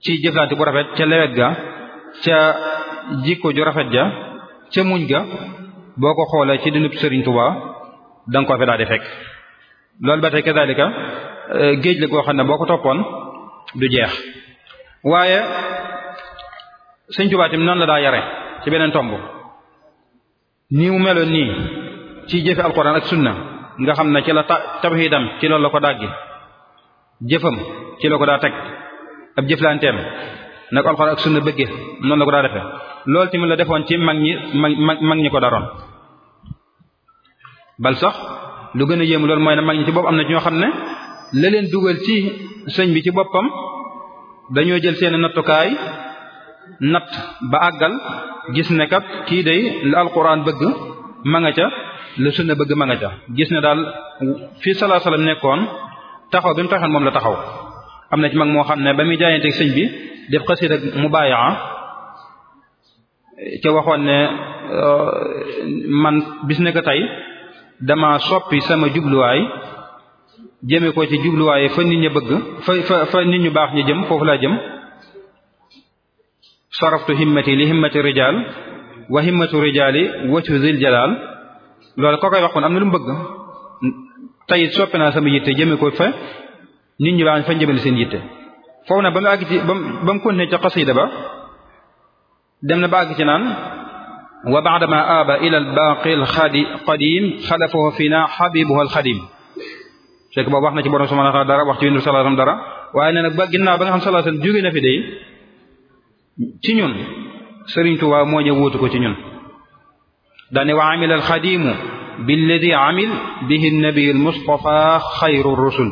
ci jëflante bu rafet ca lewet ga ca jikko ju rafet ja ca muñ ga boo ko xoolee ci dunub Sëriñ Tuubaa da nga ko di fekk loolu ba tey kadalika euh, géej la goo xam ne boo ko toppoon du jeex waaye Sëriñ Tuubaa tamit noonu la daa yare ci beneen tomb nii mu meloon nii ci jëfe alxuraan ak sunna nga xam ne ci la tawxiidam ci loolu la ko dàggi jëfam ci la ko daa teg ab jëflanteem na ko alxuraan ak sunna bëggee noon la ko daa defee loolu mu la defoon ci mag ñi mag mag ñi ko daroon bal sax lu gën a yéem loolu mooy ne mag ñi ci bopp am na ñoo xam ne la leen dugal ci sëñ bi ci boppam dañoo jël seen nattukaay natt ba àggal gis ne kat kii day la alxuraan bëgg ma nga ca la sunna bëgg ma nga ca gis ne daal fii salaa salaam nekkoon taxaw bi mu taxoon moom la taxaw am na ci mag moo xam ne ba muy jaayanteeg sëñ bi def xasida ak mubaayaa ca waxoon ne euh, man bis ne ko tey dama soppi sama jubluwaay jëme ko ci jubluwaay fa nit ñi bëgg fa fa nit ñu baax ñi jëm foofu laa jëm saraftu himmati li himmati rijaal wa himmatu rijaali waccu zil jalaal loole ko koy waxoon am na lu mu bëgg tey soppi naa sama yitte jëme ko fa nit ñi baax fa jëmale seen yitte foofu nag ba mu àgg ci ba mu ba mu continué ca xasida ba dem na ba àgg ci naan wa baada ma aaba ila albaaqi alqadim xalafahu fina xabibuhu alxadim fekk boobu wax na ci borom subhanahu wa dara wax ci yonent sallallahu alayhi dara waaye nee nag ba ginnaaw ba nga xam sallallahu alayhi wa sallam jóge na fi de ci ñun Serigne Touba moo ñëw wóotu ko ci ñun dane wa amila alxadimu billadi amil bihi nabiyu almustafa xayru rusul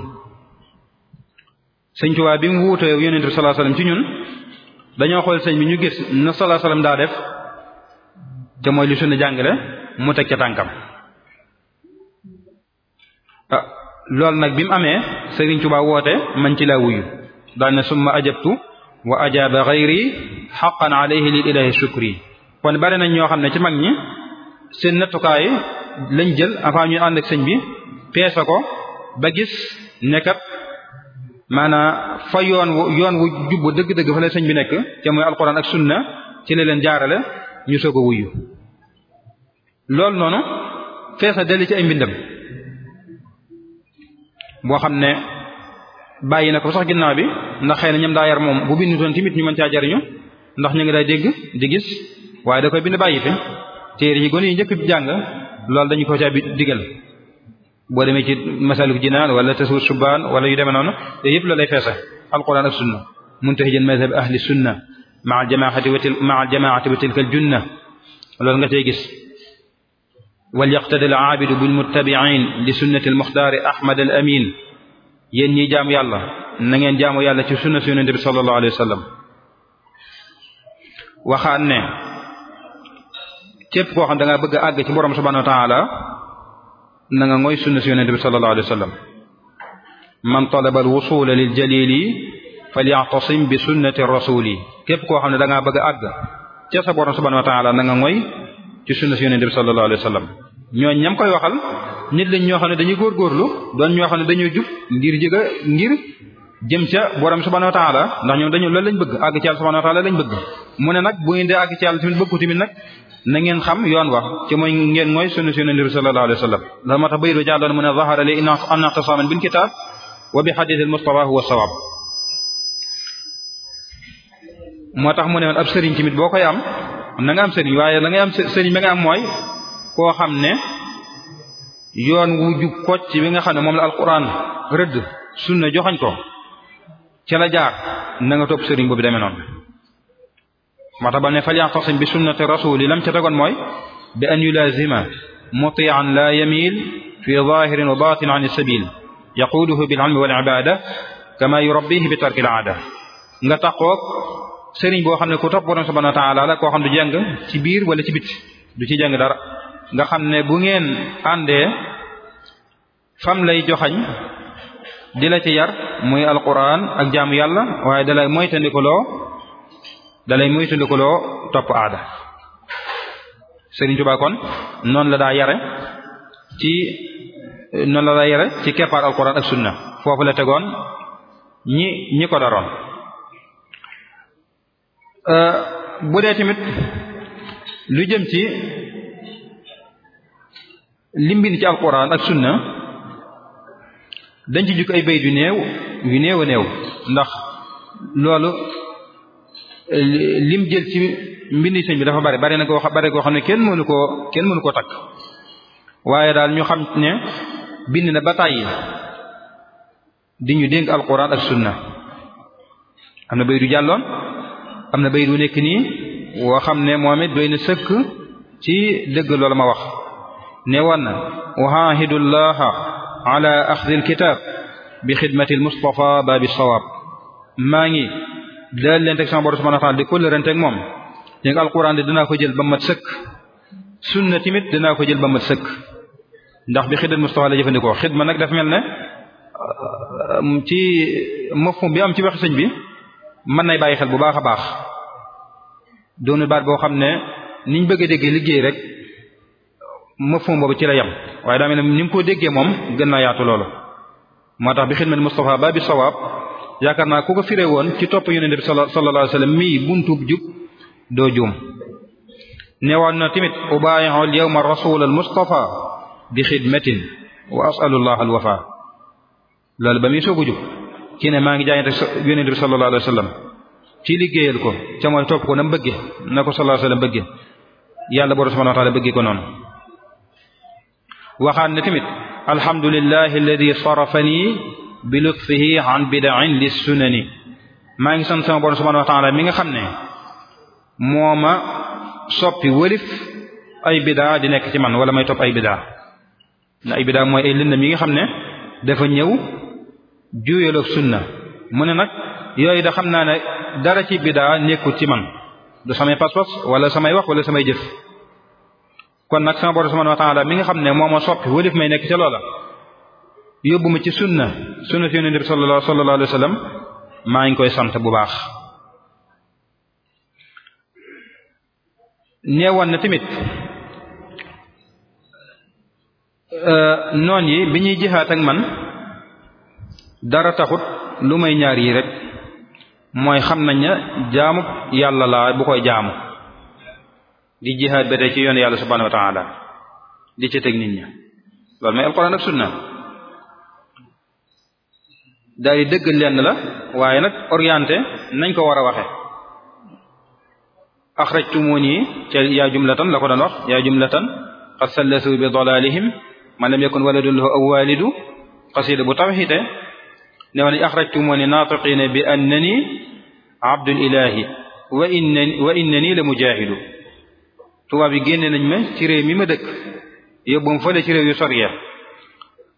sëñ Tuubaa bi mu wuutee yonente bi sallallahu alayhi ci ñun dañoo xool sëñ bi ñu gis na sallallahu daa def te mooy li sunna jàngale mu teg ca tànkam ah loolu nag bi mu amee Sëriñ Tuubaa woote man ci laa wuyu daane summa ajabtu wa ajaba xayri xaqan alayhi lil ilahi shukri kon bari nañ ñoo xam ne ci mag ñi seen nattukaay lañ jël avant ñuy ànd ak sëñ bi peese ko ba gis nekkat maanaa fa yoon wu yoon wu jubbu dëgg-dëgg fa la sëñ bi nekk te mooy alquran ak sunna ci la leen jaarale ñu soog a wuyu loolu noonu fees na delli ci ay mbindam boo xam ne bàyyi na ko sax ginnaaw bi ndax xëy na ñam daa yar moom bu bindutoon timit ñu mën caa jariñu ndax ñu ngi day dégg di gis waaye da koy bind bàyyi fi téere yi gone yi njëkk jàng loolu dañu ko ca digal boo demee ci masaliku jinaan wala tasawur subaan wala yu demee noonu te yëpp loolu lay feesa alquran ak sunna muntahijan mazhab ahli sunna maa jamaati wa maa jamaati wa tilka aljunna loolu nga tey gis wal yaqtadi alaabidu bilmuttabiin li sunnati almuxtaari ahmad al amin yéen ñiy jaamu yàlla na ngeen jaamu yàlla ci sunna su yonente bi sallallahu wa sallam waxaan ne képp koo xam da nga bëgg a àgg ci borom subhanahu wa ta'ala na nga mooy sunna si yonente bi sallallahu alayhi wa sallam man talaba al wusula lil jalili falya'tasim bi sunnati yi képp koo xam ne da ngaa bëgg a àgg ca sa borom subhanahu wa nanga na mooy ci sunna si yonente bi sallallahu alayhi wa ñooñ ñam koy waxal nit lañ ñoo xam ne dañuy góorgóorlu doon ñoo xam ne dañuy jub ngir jëga ngir jëm ca borom subhanahu wa ta'ala ndax ñoom dañu loolu lañ bëgg àgg ci yàlla subhanahu lañ bëgg mu ne nag bu ngeen dee nag na ngeen xam yoon wa ci mooy ngeen mooy sunna si yonent bi sallallahu alayhi wa sallam la ma tax bayit ba jàlloon mu a zahara li anna i'tisaaman bil kitaab wa bi hadiisil Mustafa huwa sawaab moo tax mu ne woon ab sëriñ tamit boo koy am na nga am sëriñ waaye la ngay am sëriñ ba nga am mooy koo xam ne yoon wu jub kocc bi nga xam ne moom la alquran rëdd sunna joxañ ko ca la jaar na nga topp sëriñ boobi demee noonu moo tax ba ne falyaxtasim bi sunnati rasuli lam ca tegoon mooy bi an yulaazima mutian la yamiil fi zahirin wa batin an sabil yaquuduhu bil ilmi wal ibada kama yurabbihi bi tarki al aada nga taqoog sëriñ boo xam ne ku topp borom subhanahu wa ta'ala la koo xam du jàng ci biir wala ci bit du ci jàng dara nga xam ne bu ngeen àndee fam lay joxañ di la ci yar muy alquran ak jaamu yàlla waaye dalay moytandikuloo dalay moytandikuloo topp aada Serigne Touba kon noonu la daa yare ci noon la daa yare ci keppaar alquran ak sunna foofu la tegoon ñi ñi ko daroon euh, bu dee tamit lu jëm ci limbind ci alquran ak sunna dañ ci jukk ay bayt yu néew yu néew a néew ndax loolu lim jël ci mbindi sëñ bi dafa bari bari na koo bari koo xam ne kenn mënu ko kenn mënu koo takk waaye daal ñu xam ne bind na ba tàyyi di ñu dénk alquran ak sunna am na bay du jàlloon am na bay nekk nii woo xam ne moom it doy na sëkk ci dëgg loolu ma wax ne wan na wahaahidullaha ala axdi alkitab bi xidmati almustafa baabi sawaab maa ngi daal leen teg sama borom subhanahu wa ta'ala di kóllërante ak moom li nga alquran di danaa ko jël ba mat sëkk na timit danaa ko jël ba mat sëkk ndax bi xidmat Mustafa la jëfandikoo xidma nag dafa mel ne euh, euh, ci mafhum bi am ci wax sëñ bi mën nay bàyyi xel bu baax a baax doonu baat boo xam ne niñ bëgg a déggee liggéey rek mafhum boobu ci la yem waaye daa mel ne ni mu ko déggee moom gën naa yaatu loolu moo tax bi xidmat Mustafa ba bi sawaab yaakaar naa ku ko firé woon ci topp yonent bi sallallahu alayhi wasallam mii buntub jub doo juum neewaan na tamit ubaayi'u al yawma rasul al mustafa bi xidmatin wa as'alullah al wafa loolu ba muy soogu jub ci ne maa ngi jaayante yonent bi sallallahu alayhi wasallam ci liggéeyal ko ca mooy topp ko na bëgge na ko sallallahu alayhi wasallam bëgge yàlla borom subhanahu wa ta'ala bëgge ko noonu waxaan ne tamit alhamdulillahi alladhi sarafani bi lutfihi an bidain li sunani maa ngi sant sama borom subhanahu wa mi nga xam ne mooma ma soppi wëlif ay bidaa di nekk ci man wala may topp ay bidaa na mooy ay lëndam yi nga xam ne dafa ñëw juuyaloog sunna mu ne nag yooyu da xam naa ne dara ci bidaa nekkul ci man du samay pas-pas wala samay wax wala samay jëf kon nag sama borom subhanahu wa taala mi nga xam ne moo soppi wëlif may nekk ca loola yóbbu ma ci sunna sunna si yonente bi sallallahu sallallahu alayhi maa ngi koy sant bu baax neewoon na tamit euh, noon yi bi ñuy jihaat ak man dara taxut lu may ñaar yi rek mooy xam nañ ne jaamu yàlla laa bu koy jaamu di jihaat ba tey ci yoon yàlla subhanahu wa di ci teg nit ñi loolu may alquran sunna daal yi dëgg lenn la waaye nag orienté nañ ko war a waxe axrajtumuni ca yaa jumlatan la ko doon wax yaa jumlatan qad sallasu bi dalalihim man lam yakun du lahu aw walidu qasida bu tawxite ne woon axrajtumuni naatiqina bi annani abdul ilahi wa innani wa innani la mujahidu tubaab yi génne nañ ma ci réew mi ma dëkk yóbbum fële ci réew yu soriya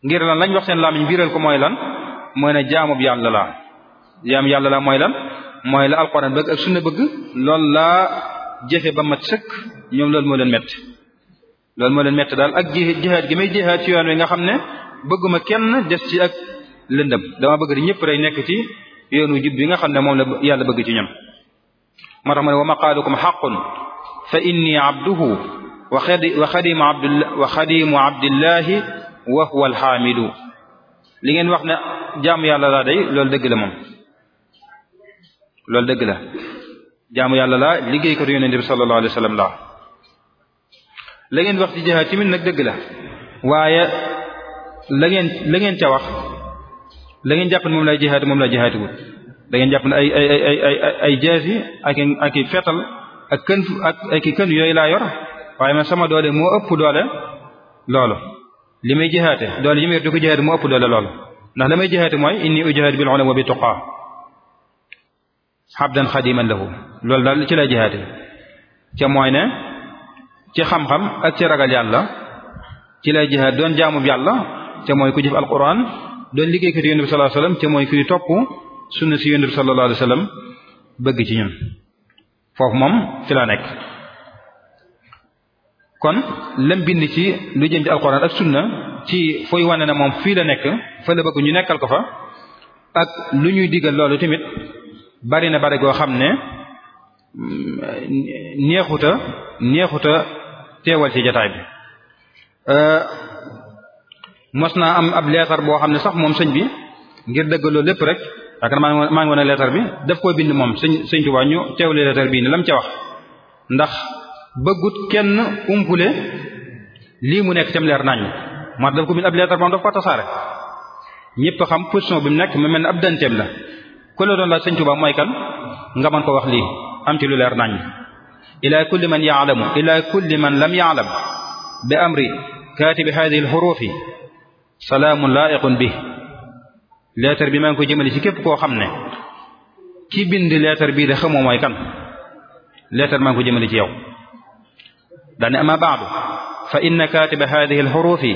ngir lañ wax seen lamiñ biiral ko mooy lan mooy ne jaamub yàlla laa jaam yàlla laa mooy lan mooy la alxuraan bëgg ak sunna bëgg lool laa jëfe ba mat sëkk ñoom loolu moo leen métti loolu moo leen métti daal ak jihaad gi may jihaad ci yoon wi nga xam ne bëgguma kenn des ci ak lëndëm dama bëgg di ñëpp rek nekk ci yoonu jub bi nga xam ne moom la yàlla bëgg ci ñoom moo tax mu ne wa maqaalukum xaqun fa inni abduhu wa xadimu abdullah wa xadimu abdillahi wa huwa alxaamidu li ngeen wax ne jaamu yàlla laa day loolu dëgg la moom loolu dëgg la jaamu yàlla la liggéey ko yonent bi sallallahu alayhi wa sallam laa la ngeen wax ci jihaad tamit nag dëgg la waaye la ngeen la ngeen ca wax la ngeen jàpp ne moom lay jihaad moom lay jihaadiwut da ngeen jàpp ne ay ay ay ay fetal ak kën ak ak kën yooyu laa waaye man sama doole moo ëpp doole loolu li may jihaate doole yi may yor di ko jihaate ëpp doole loolu ndax damay jihaati mooy inni ujahidu bil ulama wa bi tuqaa abdan xadiman lahu loolu daal ci lay jihaati ca mooy ne ci xam-xam ak ci ragal yàlla ci lay jihaat doon jaamub yàlla ca mooy ku jëf alquran doon liggéeykatu yonent bi sallallahu alayhi wasallam ca mooy kuy topp sunna si yonent bi sallallahu alayhi bëgg ci ñun foofu moom fi la nekk kon lam bind ci lu jëm ci alxuraan ak sunna ci fooy wane na moom fii la nekk fa la ñu nekkal ko fa ak lu ñuy digal loolu tamit bari na bari goo xam ne mm, neexuta neexuta teewal ci jataay bi mos naa am ab leetar boo xam ne sax moom sëñ bi ngir dëggaloo lépp rek yaakaar maa ngi maa ngi wane leetar bi daf koo bind moom sëñ sëñ Tuubaa ñu teewle leetar bii ni lam ca wax ndax bëggut kenn umpule lii mu nekk temleer leer nañu maa daf ko bind ab leetar moom daf ko tasaare ñëpp xam position bi mu nekk mu mel ne ab danteem la ku la doon laaj Sëriñ Tuubaa mooy kan nga mën ko wax lii am ci lu leer nañu ila kulli man yaalamu ila kulli man lam yaalam bi amri kaatibi haadihi alxurufi salaamun laaiqun bi leetar bi maa ngi ko jëmale ci képp koo xam ne ki bind leetar bii de xamoo mooy kan leetar maa ngi ko jëmale ci yow daane ama baadu fa inna katiba hadihi alxurufi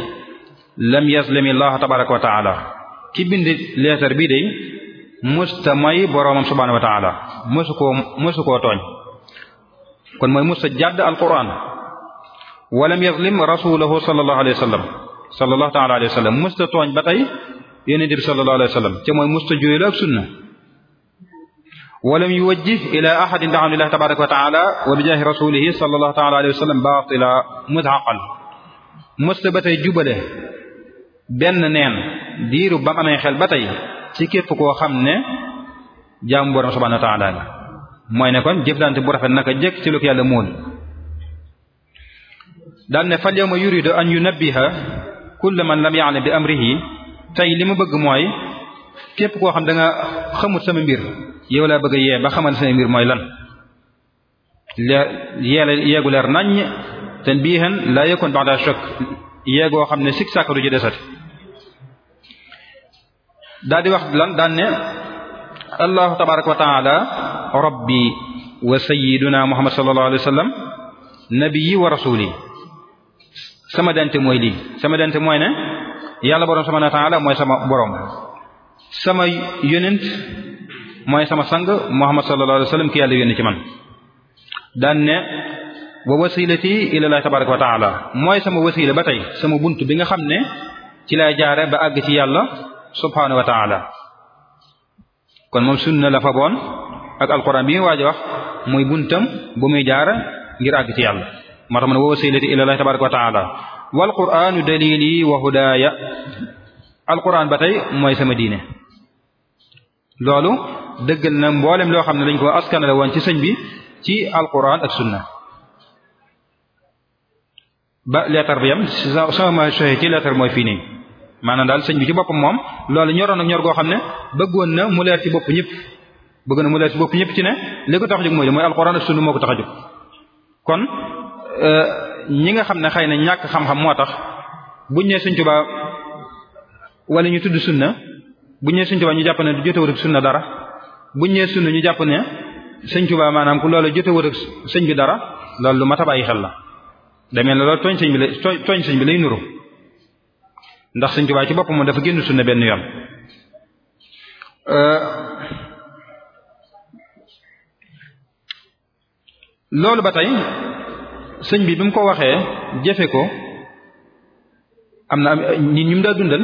lam yazlim allah tabaraka wa taala ki bind leetar bii day musta mooy boroomam subhanahu wa taala musu koo musu koo tooñ kon mooy musta jàdd alquran wa lam yazlim rasulahu taala alayhi tooñ ba tey yonent bi sallallahu alayhi wa sallam te sunna walam yuwajjih ila ahadin da'an lillahi tabaraka wa taala wa bijaahi rasulihi sallallahu taala alayhi wa ba tey jubale benn neen diiru bam amee xel ba tey ci képp koo xam ne jaamu borom subhanahu wa taala mooy ne kon jëflante bu rafet naka jëkk ci lu ko yàlla mool daan ne fal yawma yuridu an yunabbiha kullu man lam ya'lam bi amrihi tey li ma bëgg mooy képp koo xam da nga xamut sama mbir yow laa bëgg a yee ba xamal say mbir mooy lan la yeela yeegu leer naññ ten biihan laa yëkkoon ba'da shakk yeegoo xam ne sik sàkk du ci desati daa di wax lan daan ne allahu tabaraka wa taala rabbi wa sayiduna muhammad sallallahu alayhi wa sallam nabiyi wa rasuli sama dente mooy lii sama dente mooy ne yàlla boroom subhanahu wa taala mooy sama boroom mooy sama sang muhammad sallallahu alayhi wa sallam ki yàlla yónni ci man daan ne wa wasilati ilallahi tabaraka wa taala mooy sama wasila ba tey sama bunt bi nga xam ne ci lay jaare ba àgg ci yàlla subhanahu wa taala kon moom sunna la fa boon ak alquran bi mu waaj wax muy buntam bu muy jaar ngir àgg ci yàlla moo tax ma ne wa wasilati ilallahi tabaraka wa taala wal quranu dalili wa hudaaya alquran ba tey mooy sama diine loolu dëggal na mboolem loo xam ne dañ ko askanale woon ci sëñ bi ci alquran ak sunna ba leetar bi yam sama ma soxee ci leetar mooy fii nii maanaam daal sëñ bi ci boppam moom loolu ñoroon ak ñor goo xam ne bëggoon na mu leer ci bopp ñëpp bëgg na mu leer ci bopp ñëpp ci ne li ko tax a jóg mooy mooy alquran ak sunna moo ko tax a jóg kon euh, ñi nga xam ne xëy na ñàkk xam-xam moo tax buñ nee Sëriñ Tuubaa wala ñu tudd sunna buñ nee Sëriñ Tuubaa ñu jàpp ne du jotewut ak sunna dara buñ nee sunna ñu jàpp ne sëñ Tuubaa maanaam ku loolu jotewut ak sëñ bi dara lool lu mat a bàyyi xel la demee na lool tooñ sëñ bi la tooñ sëñ bi lay nuru ndax sëñ Tuubaa ci boppam moom dafa génn sunna benn yoon ba tey sëñ bi bi mu ko waxee jëfe ko am na nit ñi mu daa dundal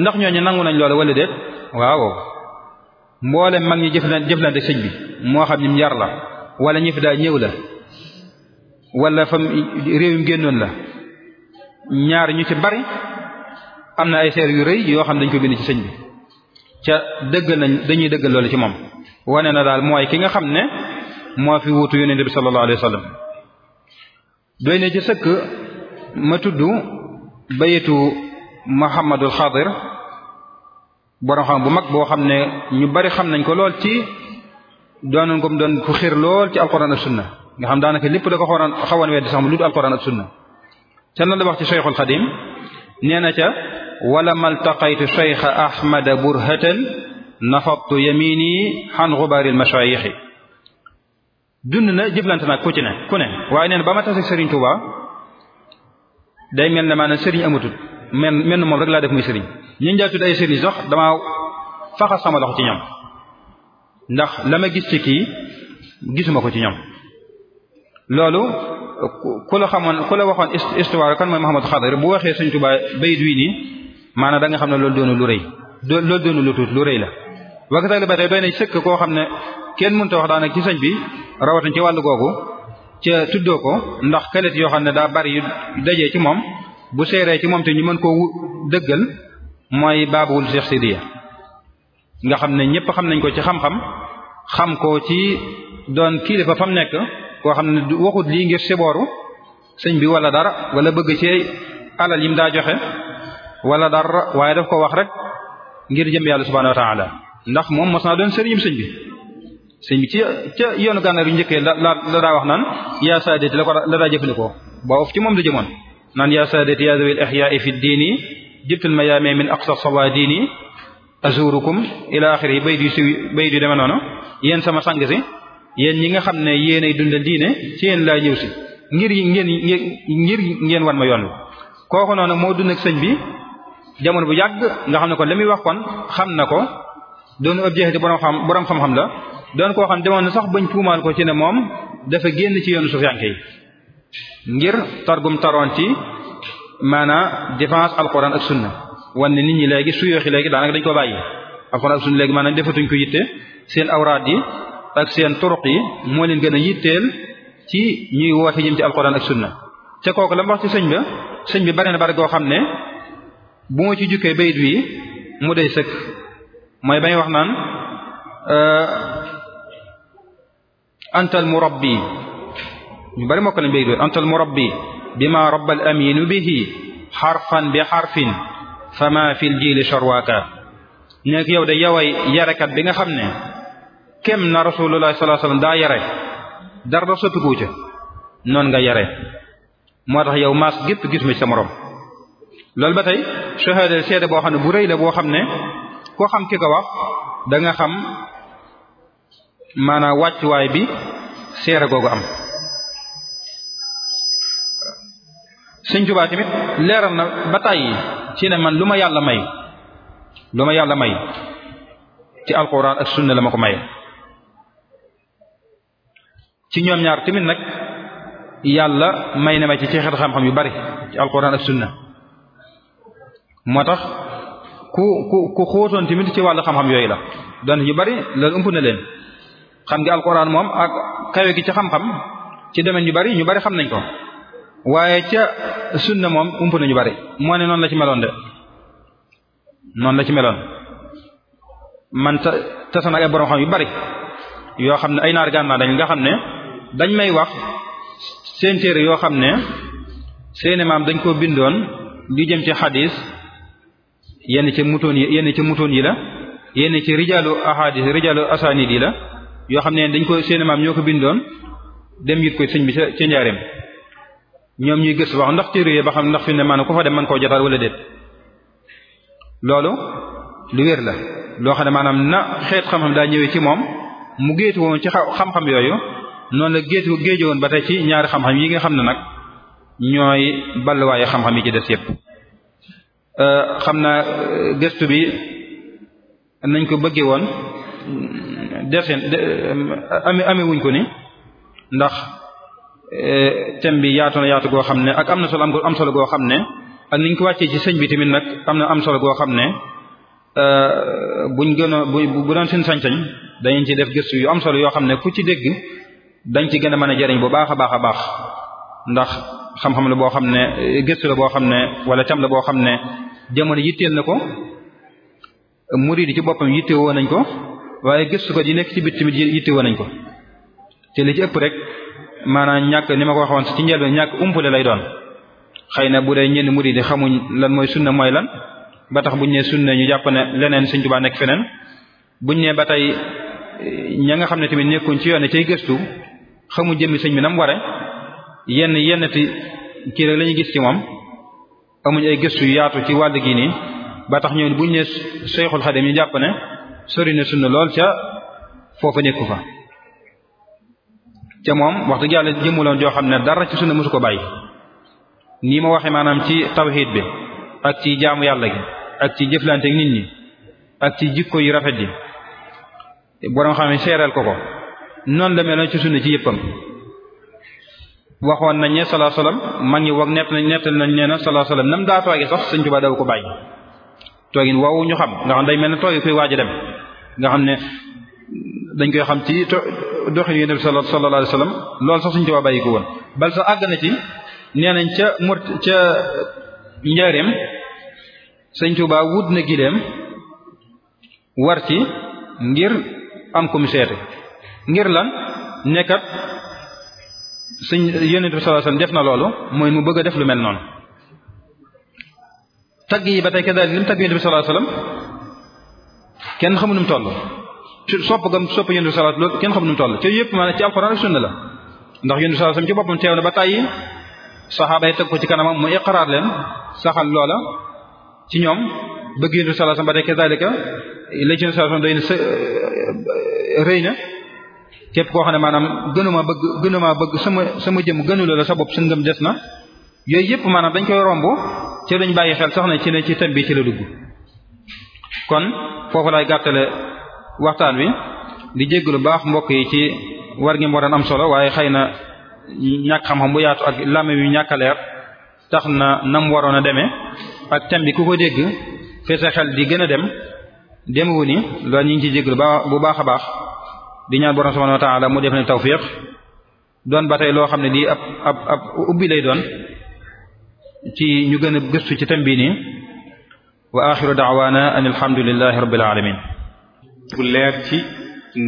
ndax ñooñu nangu nañ loolu wala déet waaw mboole mag ñi jëflante jëflante sëñ bi moo xam ñim yar la wala ñi fi daal ñëw la wala fam réew mi génnoon la ñaar ñu ci bari am na ay seer yu rëy yoo xam dañ ko bind ci sëñ bi ca dëgg nañ dañuy dëggal loolu ci moom wane na daal mooy ki nga xam ne moo fi wuutu yonent bi sallallahu alayhi wa sallam doy na ci sëkk ma tudd bayitu Muhammadul Xadir borom xam bu mag boo xam ne ñu bari xam nañ ko lool ci doonoon ko mu doon ku xir lool ci alquran ak sunna nga xam daanaka lépp da ko xawoon xawoon weddi sax mu luut alquran ak sunna ca nan la wax ci cheikhul xadim nee na ca wala maltaqaytu cheikha ahmada burhatan nafattu yamini xan xubaaril mashayixi dund na jëflante nag ku ci ne ku ne waaye nee na ba ma tase sëriñ Tuuba day mel ne maanaam sëriñ amatut men menn moom rek laa def muy sëriñ ñi njaatudd ay sëriñ sax dama faxas sama loxo ci ñoom ndax la gis ci kii gisuma ko ci ñoom loolu ku la xamoon ku la waxoon histoire kan mooy Mouhamadou Khadir bu waxee Sëriñ Tuubaa bayit wi nii maanaam da xam ne loolu doonu lu rëy loolu doonu lu tuut lu rëy la wakkatal li ba tey doy na sëkk koo xam ne kenn mënta wax daanaka ci sëñ bi rawatina ci wàllu googu ca tuddoo ko ndax kalet yoo xam ne daa bari yu dajee ci moom bu seeree ci moom te ñu mën koo dëggal mooy baabul Cheikh Sidiya nga xam ne ñépp xam nañ ko ci xam-xam xam ko ci doon kilifa fa mu nekk koo xam ne waxut lii ngir sibooru sëñ bi wala dara wala bëgg ci alal yim daa joxe wala dara waaye daf ko wax rek ngir jëm yàlla subhaanahu wa taala ndax moom mos naa doon sëriñum sëñ bi sëñ bi ci ca yoonu gànnaar yu njëkkee la la daa wax naan yaa saadati la ko la daa jëfandikoo ba of ci moom la jëmoon naan yaa saadati yaa zawil ihyaa fi diini jittul ma yaamee min aqsa sawaadini azurukum ila axiri bay di si bay di deme noonu yéen sama sang si yéen ñi nga xam ne ay dundal diine ci yéen laa ñëw si ngir ngeen ngir ngeen wan ma yoon wi kooku noonu moo dund ak sëñ bi jamono bu yàgg nga xam ne ko li muy wax kon xam na ko doon ab jeexiti borom xam borom xam-xam la doon koo xam demoon na sax bañ tuumaal ko ci ne moom dafa génn ci yoonu sufiyanke yi ngir targum taroon ci maanaam défense alquran ak sunna wanne nit ñi léegi su yooxi léegi daanaka dañ ko bàyyi alquran ak sunna léegi maanaam defatuñ ko yitte seen awraad yi ak seen turuq yi moo leen gën a yitteel ci ñuy woote jëm ci alquran ak sunna te kooku la mu wax ci sëñ ba sëñ bi bari na bari goo xam ne bu ma ci jukkee bayit wi mu day sëkk mooy bay wax naan antal murabbi ñu bari moo ko lañ bayit wi antal murabbi bi ma rabba al aminu bihi xarfan bi xarfin fama fil jiili sharwaaka nekk yow de yoway yarekat bi nga xam ne kem na rasulullah sallallahu daa yare dara da soppikuwu ca noonu nga yare moo tax yow maas gépp gis ma ci sa morom loolu ba tey shahada seede boo xam ne bu rëy la boo xam ne koo xam ki ko wax danga xam maanaam wàccuwaay bi seere googu am sëñ Tuubaa tamit leeral na ba tàyyi ci ne man lu ma yàlla may lu yàlla may ci alquran ak sunna la ma ko maye ci ñoom ñaar tamit nag yàlla may na ma ci ci xeet xam-xam yu bari ci alquran ak sunna moo tax ku ku ku xóotoon ci wàllu xam-xam yooyu la doon ñu bari loolu ump na leen xam nga alquran moom ak kawe gi ci xam-xam ci domaine yu bari ñu bari xam nañ ko waaye ca sunna moom ump nañu bari moo ne noonu la ci meloon de noonu la ci meloon man ta tasoon ay borom xam yu bari yoo xam ne ay naar gànnaar dañ nga xam ne dañ may wax seen téere yoo xam ne seeni maam dañ koo bindoon di jëm ci xadis yenn ci mutoon yi yenn ci mutoon yi la yenn ci rijaalu ahadis rijaalu asanid yi la yoo xam ne dañ ko seeni maam ñoo ko bindoon dem yit koy sëñ bi ca ca njaareem ñoom ñuy gëstu wax ndox téere ba xam ndox fi ne maanaam ku fa dem mën koo jotaat wala déet loolu lu wér la loo xam ne maanaam na xeet xam-xam daa ñëwee ci moom mu géetu woon ci xam-xam yooyu noonu la géetu géeju woon ba tey ci ñaari xam-xam yi nga xam ne nag ñooy balluwaayu xam-xam yi ci des yépp euh, xam naa euh, gëstu bi nañ ko bëggee woon deseen euh, ame amewuñ ko ni ndax Eh, thème bi yaatu na yaatu goo xam ne ak am na solo am solo goo xam ne ak niñ ko wàccee ci sëñ bi tamit nag am na am solo goo xam ne eh, buñ gën a bu bu doon suñu sañ-sañ dañu ci def gëstu yu am solo yoo xam ne ku ci dégg dañ ci gën a mën a jariñ bu baax a baax a baax ndax xam-xam la boo xam ne eh, gëstu la boo xam ne wala tam la boo xam ne jamono yitteel na ko murid yi ci boppam yittewoo nañ ko waaye gëstu ko di nekk ci bit tamit yittewoo nañ ko te ci ëpp rek. maanaam ñàkk ni ma ko waxoon ci njëlbeen ñàkk umpule lay doon xëy na bu dee ñenn murid yi xamuñ lan mooy sunna mooy lan ba tax buñ ne sunna ñu jàpp ne leneen Sëriñ Tuubaa nekk feneen buñ ne ba tey ña nga xam ne tamit nekkuñ ci yoon cay gëstu xamuñ jëmmi sëñ bi nam ware yenn yenn ti kii rek lañuy gis ci moom amuñ ay gëstu yaatu ci wàll gi nii ba tax ñooñu buñ ne Seexul Xadim ñu jàpp ne sori na sunna lool ca foofa nekku fa ca moom wax dëgg yàlla jëmmuloon joo xam ne dara ci sunna mësu ko bàyyi nii ma waxe maanaam ci tawxiid bi ak ci jaamu yàlla gi ak ci jëflante nit ñi ak ci jikko yi rafet yi borom xam ne seereel ko ko noonu la na ci sunna ci yëppam waxoon nañ ne salaa la mag ñi wax nett nañ nettal nañ nee na salaa salaam nam daa tooge sax Sëriñ Tuubaa daw ko bàyyi toogin woowu ñu xam nga xam day mel ne toogi koy waaj a dem nga xam ne dañ koy xam ci doxin yonent bi sallallahu alayhi wasallam loolu sax suñu ci waa bàyyi ko woon bal sax àgg na ci nee nañ ca mort ca njaareem sëñ Tuubaa wut na gileem war ci ngir am ko mu seete ngir lan nekkat sëñ yonent bi sallallahu alayhi wasallam def na loolu mooy mu bëgg a def lu mel noonu tagg yi ba tey ka daal lim kenn xamu nu sopp gam sopp yonent bi salaatu loolu kenn xam nu mu toll ci yëpp maanaam ci alxuraan ak sunna la ndax yonent bi salaatu sam ci boppam teew na ba tàyyi saxaaba yi teg ko ci kanamam mu iqraar leen saxal loola ci ñoom bëgg yonent bi salaatu sam ba tey kazalika la ci yonent bi salaatu sam doy na sa rëy na képp koo xam ne maanaam gënuma bëgg gënuma bëgg sama sama jëm gënula la sa bopp sa ngëm des na yooyu yëpp maanaam dañ koy romb ci dañ bàyyi xel sax ne ci ne ci thème bi ci la dugg kon foofu lay gàttale waxtaan wi di lu baax mbokk yi ci war ngi moo am solo waaye xëy na ñàkk xam-xam bu yaatu ak lame yu ñàkk a leer tax na nam waroon a demee ak thème bi ku ko dégg fexe xel di gën a dem demewu ni loolu ñu ngi ci lu ba bu baax a baax di ñaan borom subhanahu wa ta'ala mu def ne tawfiq doon ba tey loo xam ne di ab ab ubbi lay doon ci ñu gën a gëstu ci thème bii nii wa axiru da'wana an alhamdulillahi rabbil alamin bu leer ci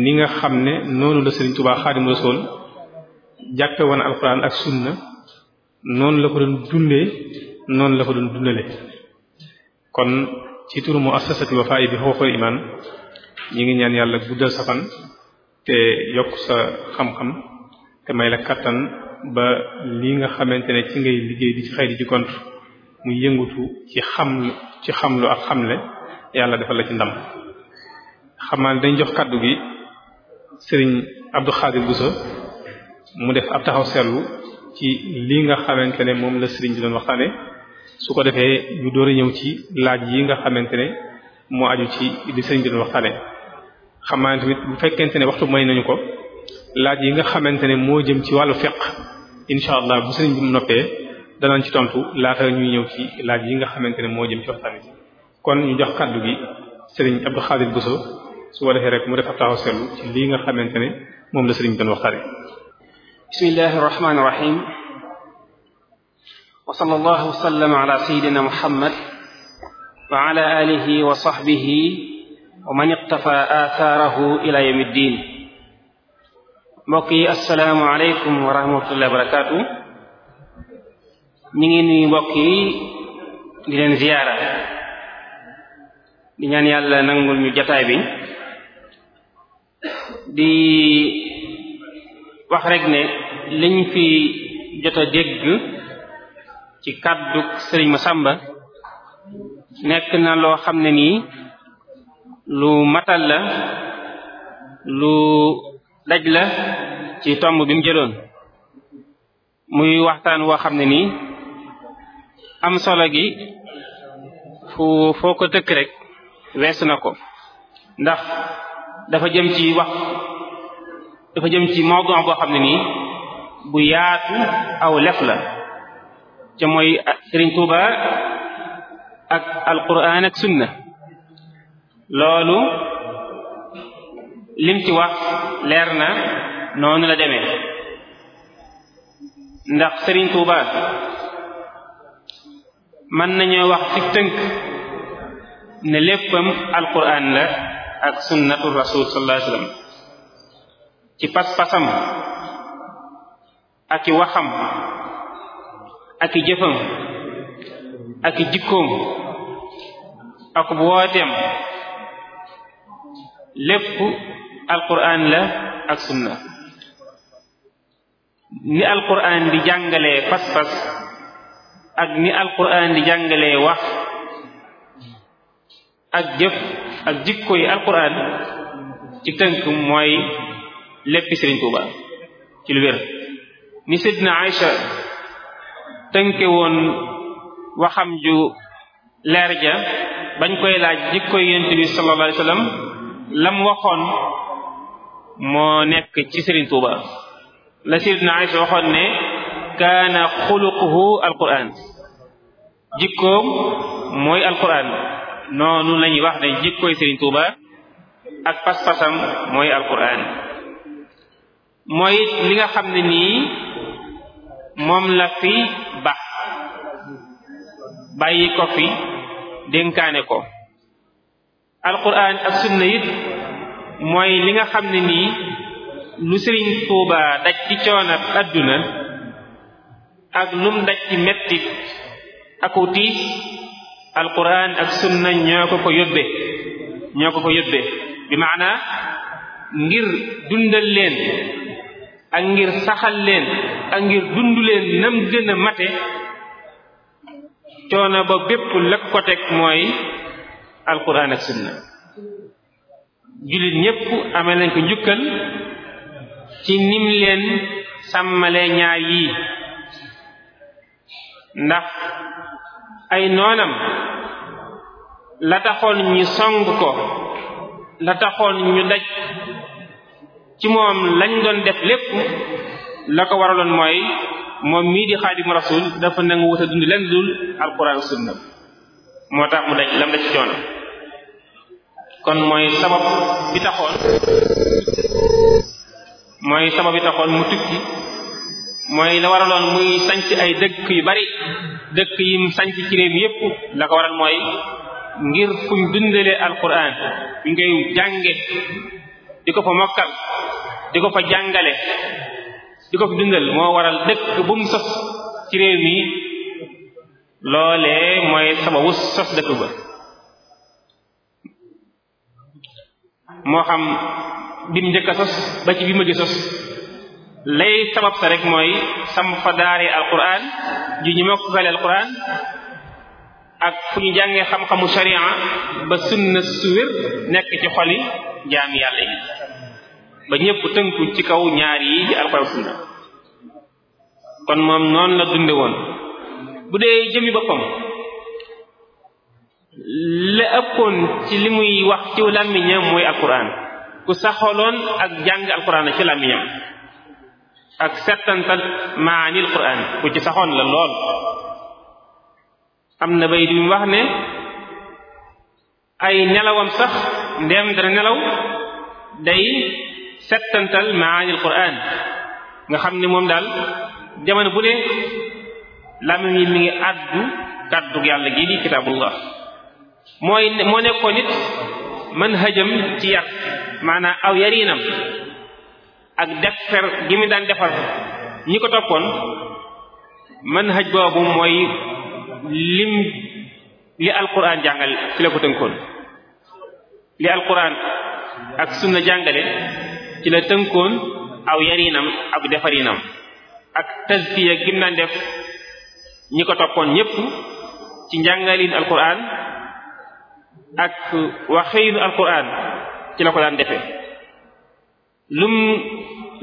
ni nga xam ne noonu la Sëriñ Tuubaa Xaadimu Rasuul jàppe woon alxuraan ak sunna noonu la ko doon dundee noonu la ko doon dundale kon ci turu mu assasati Wafa'i bi Huquuqil Iman ñi ngi ñaan yàlla guddal safan te yokk sa xam-xam te may la kattan ba li nga xamante ne ci ngay liggéey di ci xëy di ci kont mu yëngutu ci xam ci xamlu ak xamle yàlla defal la ci ndam xam dañ jox kàddu gi sëriñ Abdou Khadir Bousso mu def ab taxaw seetlu ci li nga xamante ne moom la sëriñ bi doon waxtaane su ko defee ñu door a ñëw ci laaj yi nga xamante ne moo aju ci li sëriñ bi xam naa ne bu fekkente ne waxtu may nañu ko laaj yi nga xamante ne moo jëm ci wàllu fiqh incha allah bu sëriñ bi noppee danañ ci tontu laata ñuy ñëw ci laaj yi nga xamante ne moo jëm ci waxtaan bi kon ñu jox kàddu gi sëriñ Abdou Khadir Bousso su ko defee rek mu def ab taxaw seetlu ci lii nga xamante ne moom la sëriñ bi doon waxtaane bismillahi rahmaani rahim wa sallallahu wasallam ala sayidina muhammad wa ala alihi wa sahbihi wa man iqtafa athaarahu ila yawm ddin mbokk yi asalaamu aleykum wa rahmatullahi wa barakatuh ñu ngi nuyu mbokk yi di leen ziyaara di ñaan yàlla nangul ñu jataay bi di wax rek ne liñ fi jot a dégg ci kàddu sëriñ Masamba nekk na loo xam ne nii lu matal la lu daj la ci tomb bi mu jëloon muy waxtaan woo xam ne nii am solo gi fu foo ko tëkk rek weesu na ko ndax dafa jëm ci wax dafa jëm ci mawdu' boo xam ne nii bu yaatu aw lef la ca mooy Sëriñ Tuuba ak alquran ak sunna loolu lim ci wax leer na noonu la demee ndax Sëriñ Tuuba mën nañoo wax ci tënk ne léppam alquran la ak sunnatu rasul sallallahu waxam ak i jëfam ak jikkoom ak wooteem lépp alquran la ak sunna ni alquran di jàngalee pas-pas ak ni alquran di jàngalee wax ak jëf ak jikko yi ci tënk mooy léppi Sëriñ Tuuba ci lu wér ni Seydina Aïcha tënke woon waxam ju leer ja bañ koy laaj jikko yonent bi sallallahu lam waxoon moo nekk ci Sëriñ Tuuba la Seydina Aïcha waxoon ne kaana xuluquhu alquran jikkoom mooy alquran noonu lañuy ñuy wax ne jikkoy Serigne Touba ak pas-pasam mooy alxuraan mooy li nga xam ne nii moom la fi bax bàyyi ko fi dénkaane ko alquran ak sunna it mooy li nga xam ne nii lu Serigne Touba daj ci coonab adduna ak lum daj ci mettit aku tiis alquran ak sunna ñoo ko ko yóbbe ñoo ko ko yóbbe bi maana ngir dundal leen ak ngir saxal leen ak ngir dund leen nam gën a mate coono ba bépp lëk mooy alquran ak sunna jullit ñépp amee nañ ko njukkal ci nim leen sàmmale ñaar yii ndax ay noonam la taxoon ñu song ko la taxoon ñu daj ci moom lañu doon def lépp la ko waraloon mooy moom mii di xaadimu rasul dafa nangu wut a dund leen dul alquran sunna moo tax mu daj lam da coono kon mooy sabab bi taxoon mooy sabab bi taxoon mu tukki mooy la waraloon muy sanc ay dëkk yu bari dëkk yi mu sanc ci réew yépp la ko waral mooy ngir fuñ dundalee alquran ñu ngay jànge di ko fa mokkal di ko fa jàngale di ko fi dundal moo waral dëkk bu mu sos ci réew mi loolee mooy sababu sos dëkk ba moo xam bi mu njëkk a sos ba ci bi mu sos lay sabab sa rek mooy sam fa daaree alquran ju ñu ma ko gale ak fu ñu jàngee xam-xamu sharia ba sunna su wér nekk ci xoli jaami yàlla yi ba ñëpp tënku ci kaw ñaar yi di alquran sunna kon moom noonu la dunde woon bu dee jëmi boppam la ëppoon ci li muy wax ci làmmiñam mooy alquran ku saxoloon ak jàng alquran ci làmmiñam ak settantal maanil quraan ku ci saxoon la lool am na bay di mu wax ne ay nelawam sax ndem dana nelaw day settantal maanil quraan nga xam ne moom daal jamono bu ne mu yi mi ngi àddu kàddu yàlla gii di kitaabullah moo nekkoon it manhajam ci yar maanaam aw yarinam ak defar gi mu daan defar ñi ko toppoon manhaj boobu mooy lim li alquran jàngale ci la ko tënkoon li alquran ak sunna jàngale ci la tënkoon aw yarinam ak defarinam ak tazkiya gi mu daan def ñi ko toppoon ñépp ci njàngalin alquran ak waxiinu alquran ci la ko daan defe lum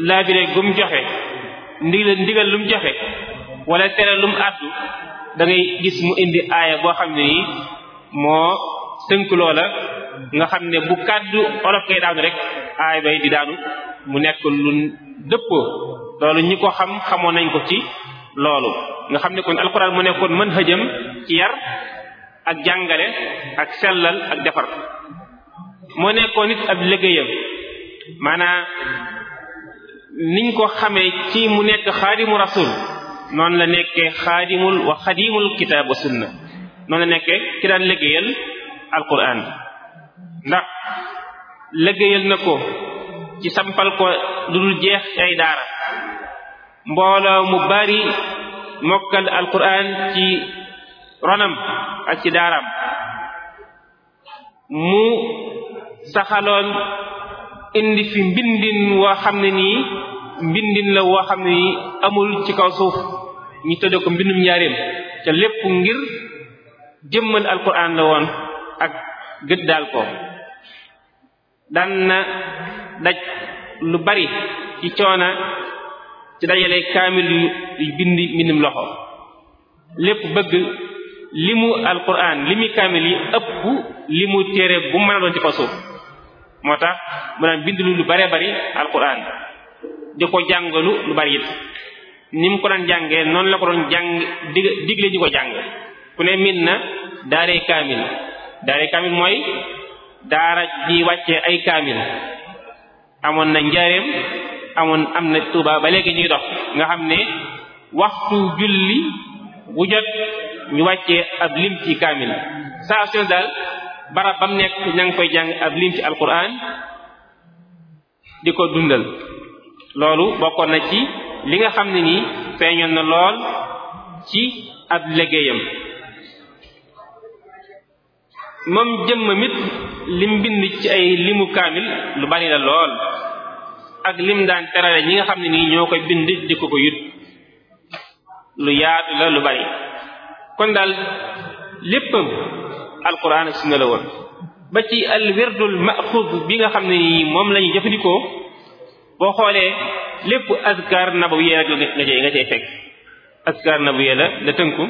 laabire gu mu joxe ndigal ndigal lu mu joxe walla tere lum mu àddu da gis mu indi aaya boo xam ne nii moo tënk loola nga xam ne bu kàddu olof kay daanu rek aaya bay di daanu mu nekk lu dëppoo loolu ñi ko xam xamoon nañ ko ci loolu nga xam ne kon alxuraan mu nekkoon mën hëjëm ci yar ak jàngale ak sellal ak defar moo nekkoon it ab liggéeyam maanaa niñ ko xamee ci mu nekk xaadimu rasul noonu la nekkee xaadimul wa xadimul kitaab wa sunna noonu la nekkee ki daan liggéeyal alquran ndax liggéeyal na ko ci sampal ko lu dul jeex ay daara mbooloo mu bari mokkal alquran ci ronam ak ci daaraam mu saxaloon indi fi mbindin woo xam ne nii mbindin la woo xam ne nii amul ci kaw suuf ñu tëdde ko mbindum njaareem te lépp ngir jëmmal alquran la woon ak gëddaal ko daan na daj lu bari ci coona ci dajale kaamil yu bind mbindum loxo lépp bëgg limu alquran limi kaamil yi ëpp limu téere bu mën doon ci kaw suuf moo tax mu daan bind lu bare bari alquran di ko jàngalu lu bari it ni mu ko doon jàngee noonu la ko doon jàng dig digle ñu ko jàng ku ne min na daaree kaamil daaree kaamil mooy daara ji wàcce ay kaamil amoon na njaareem amoon am na tuuba ba léegi ñuy dox nga xam ne waxtu julli wu jot ñu wàccee ab lim ci kaamil saa su daal barab bam nekk ña koy jàng ab lim ci alquran di ko dundal loolu bokkoon na ci li nga xam ne nii feeñoon na lool ci ab liggéeyam moom jëmm mit lim bind ci ay limu kaamil lu bari la lool ak lim daan terale ñi nga xam ne nii ñoo koy bind di ko ko yut lu yaatu la lu bari kon daal léppam alquran ak sunna la woon ba ci al wirdul maxuud bi nga xam ne nii moom la jëfandikoo boo xoolee lépp na azkar nabawiyya nga cee fekk azkar nabawiyya la la tënku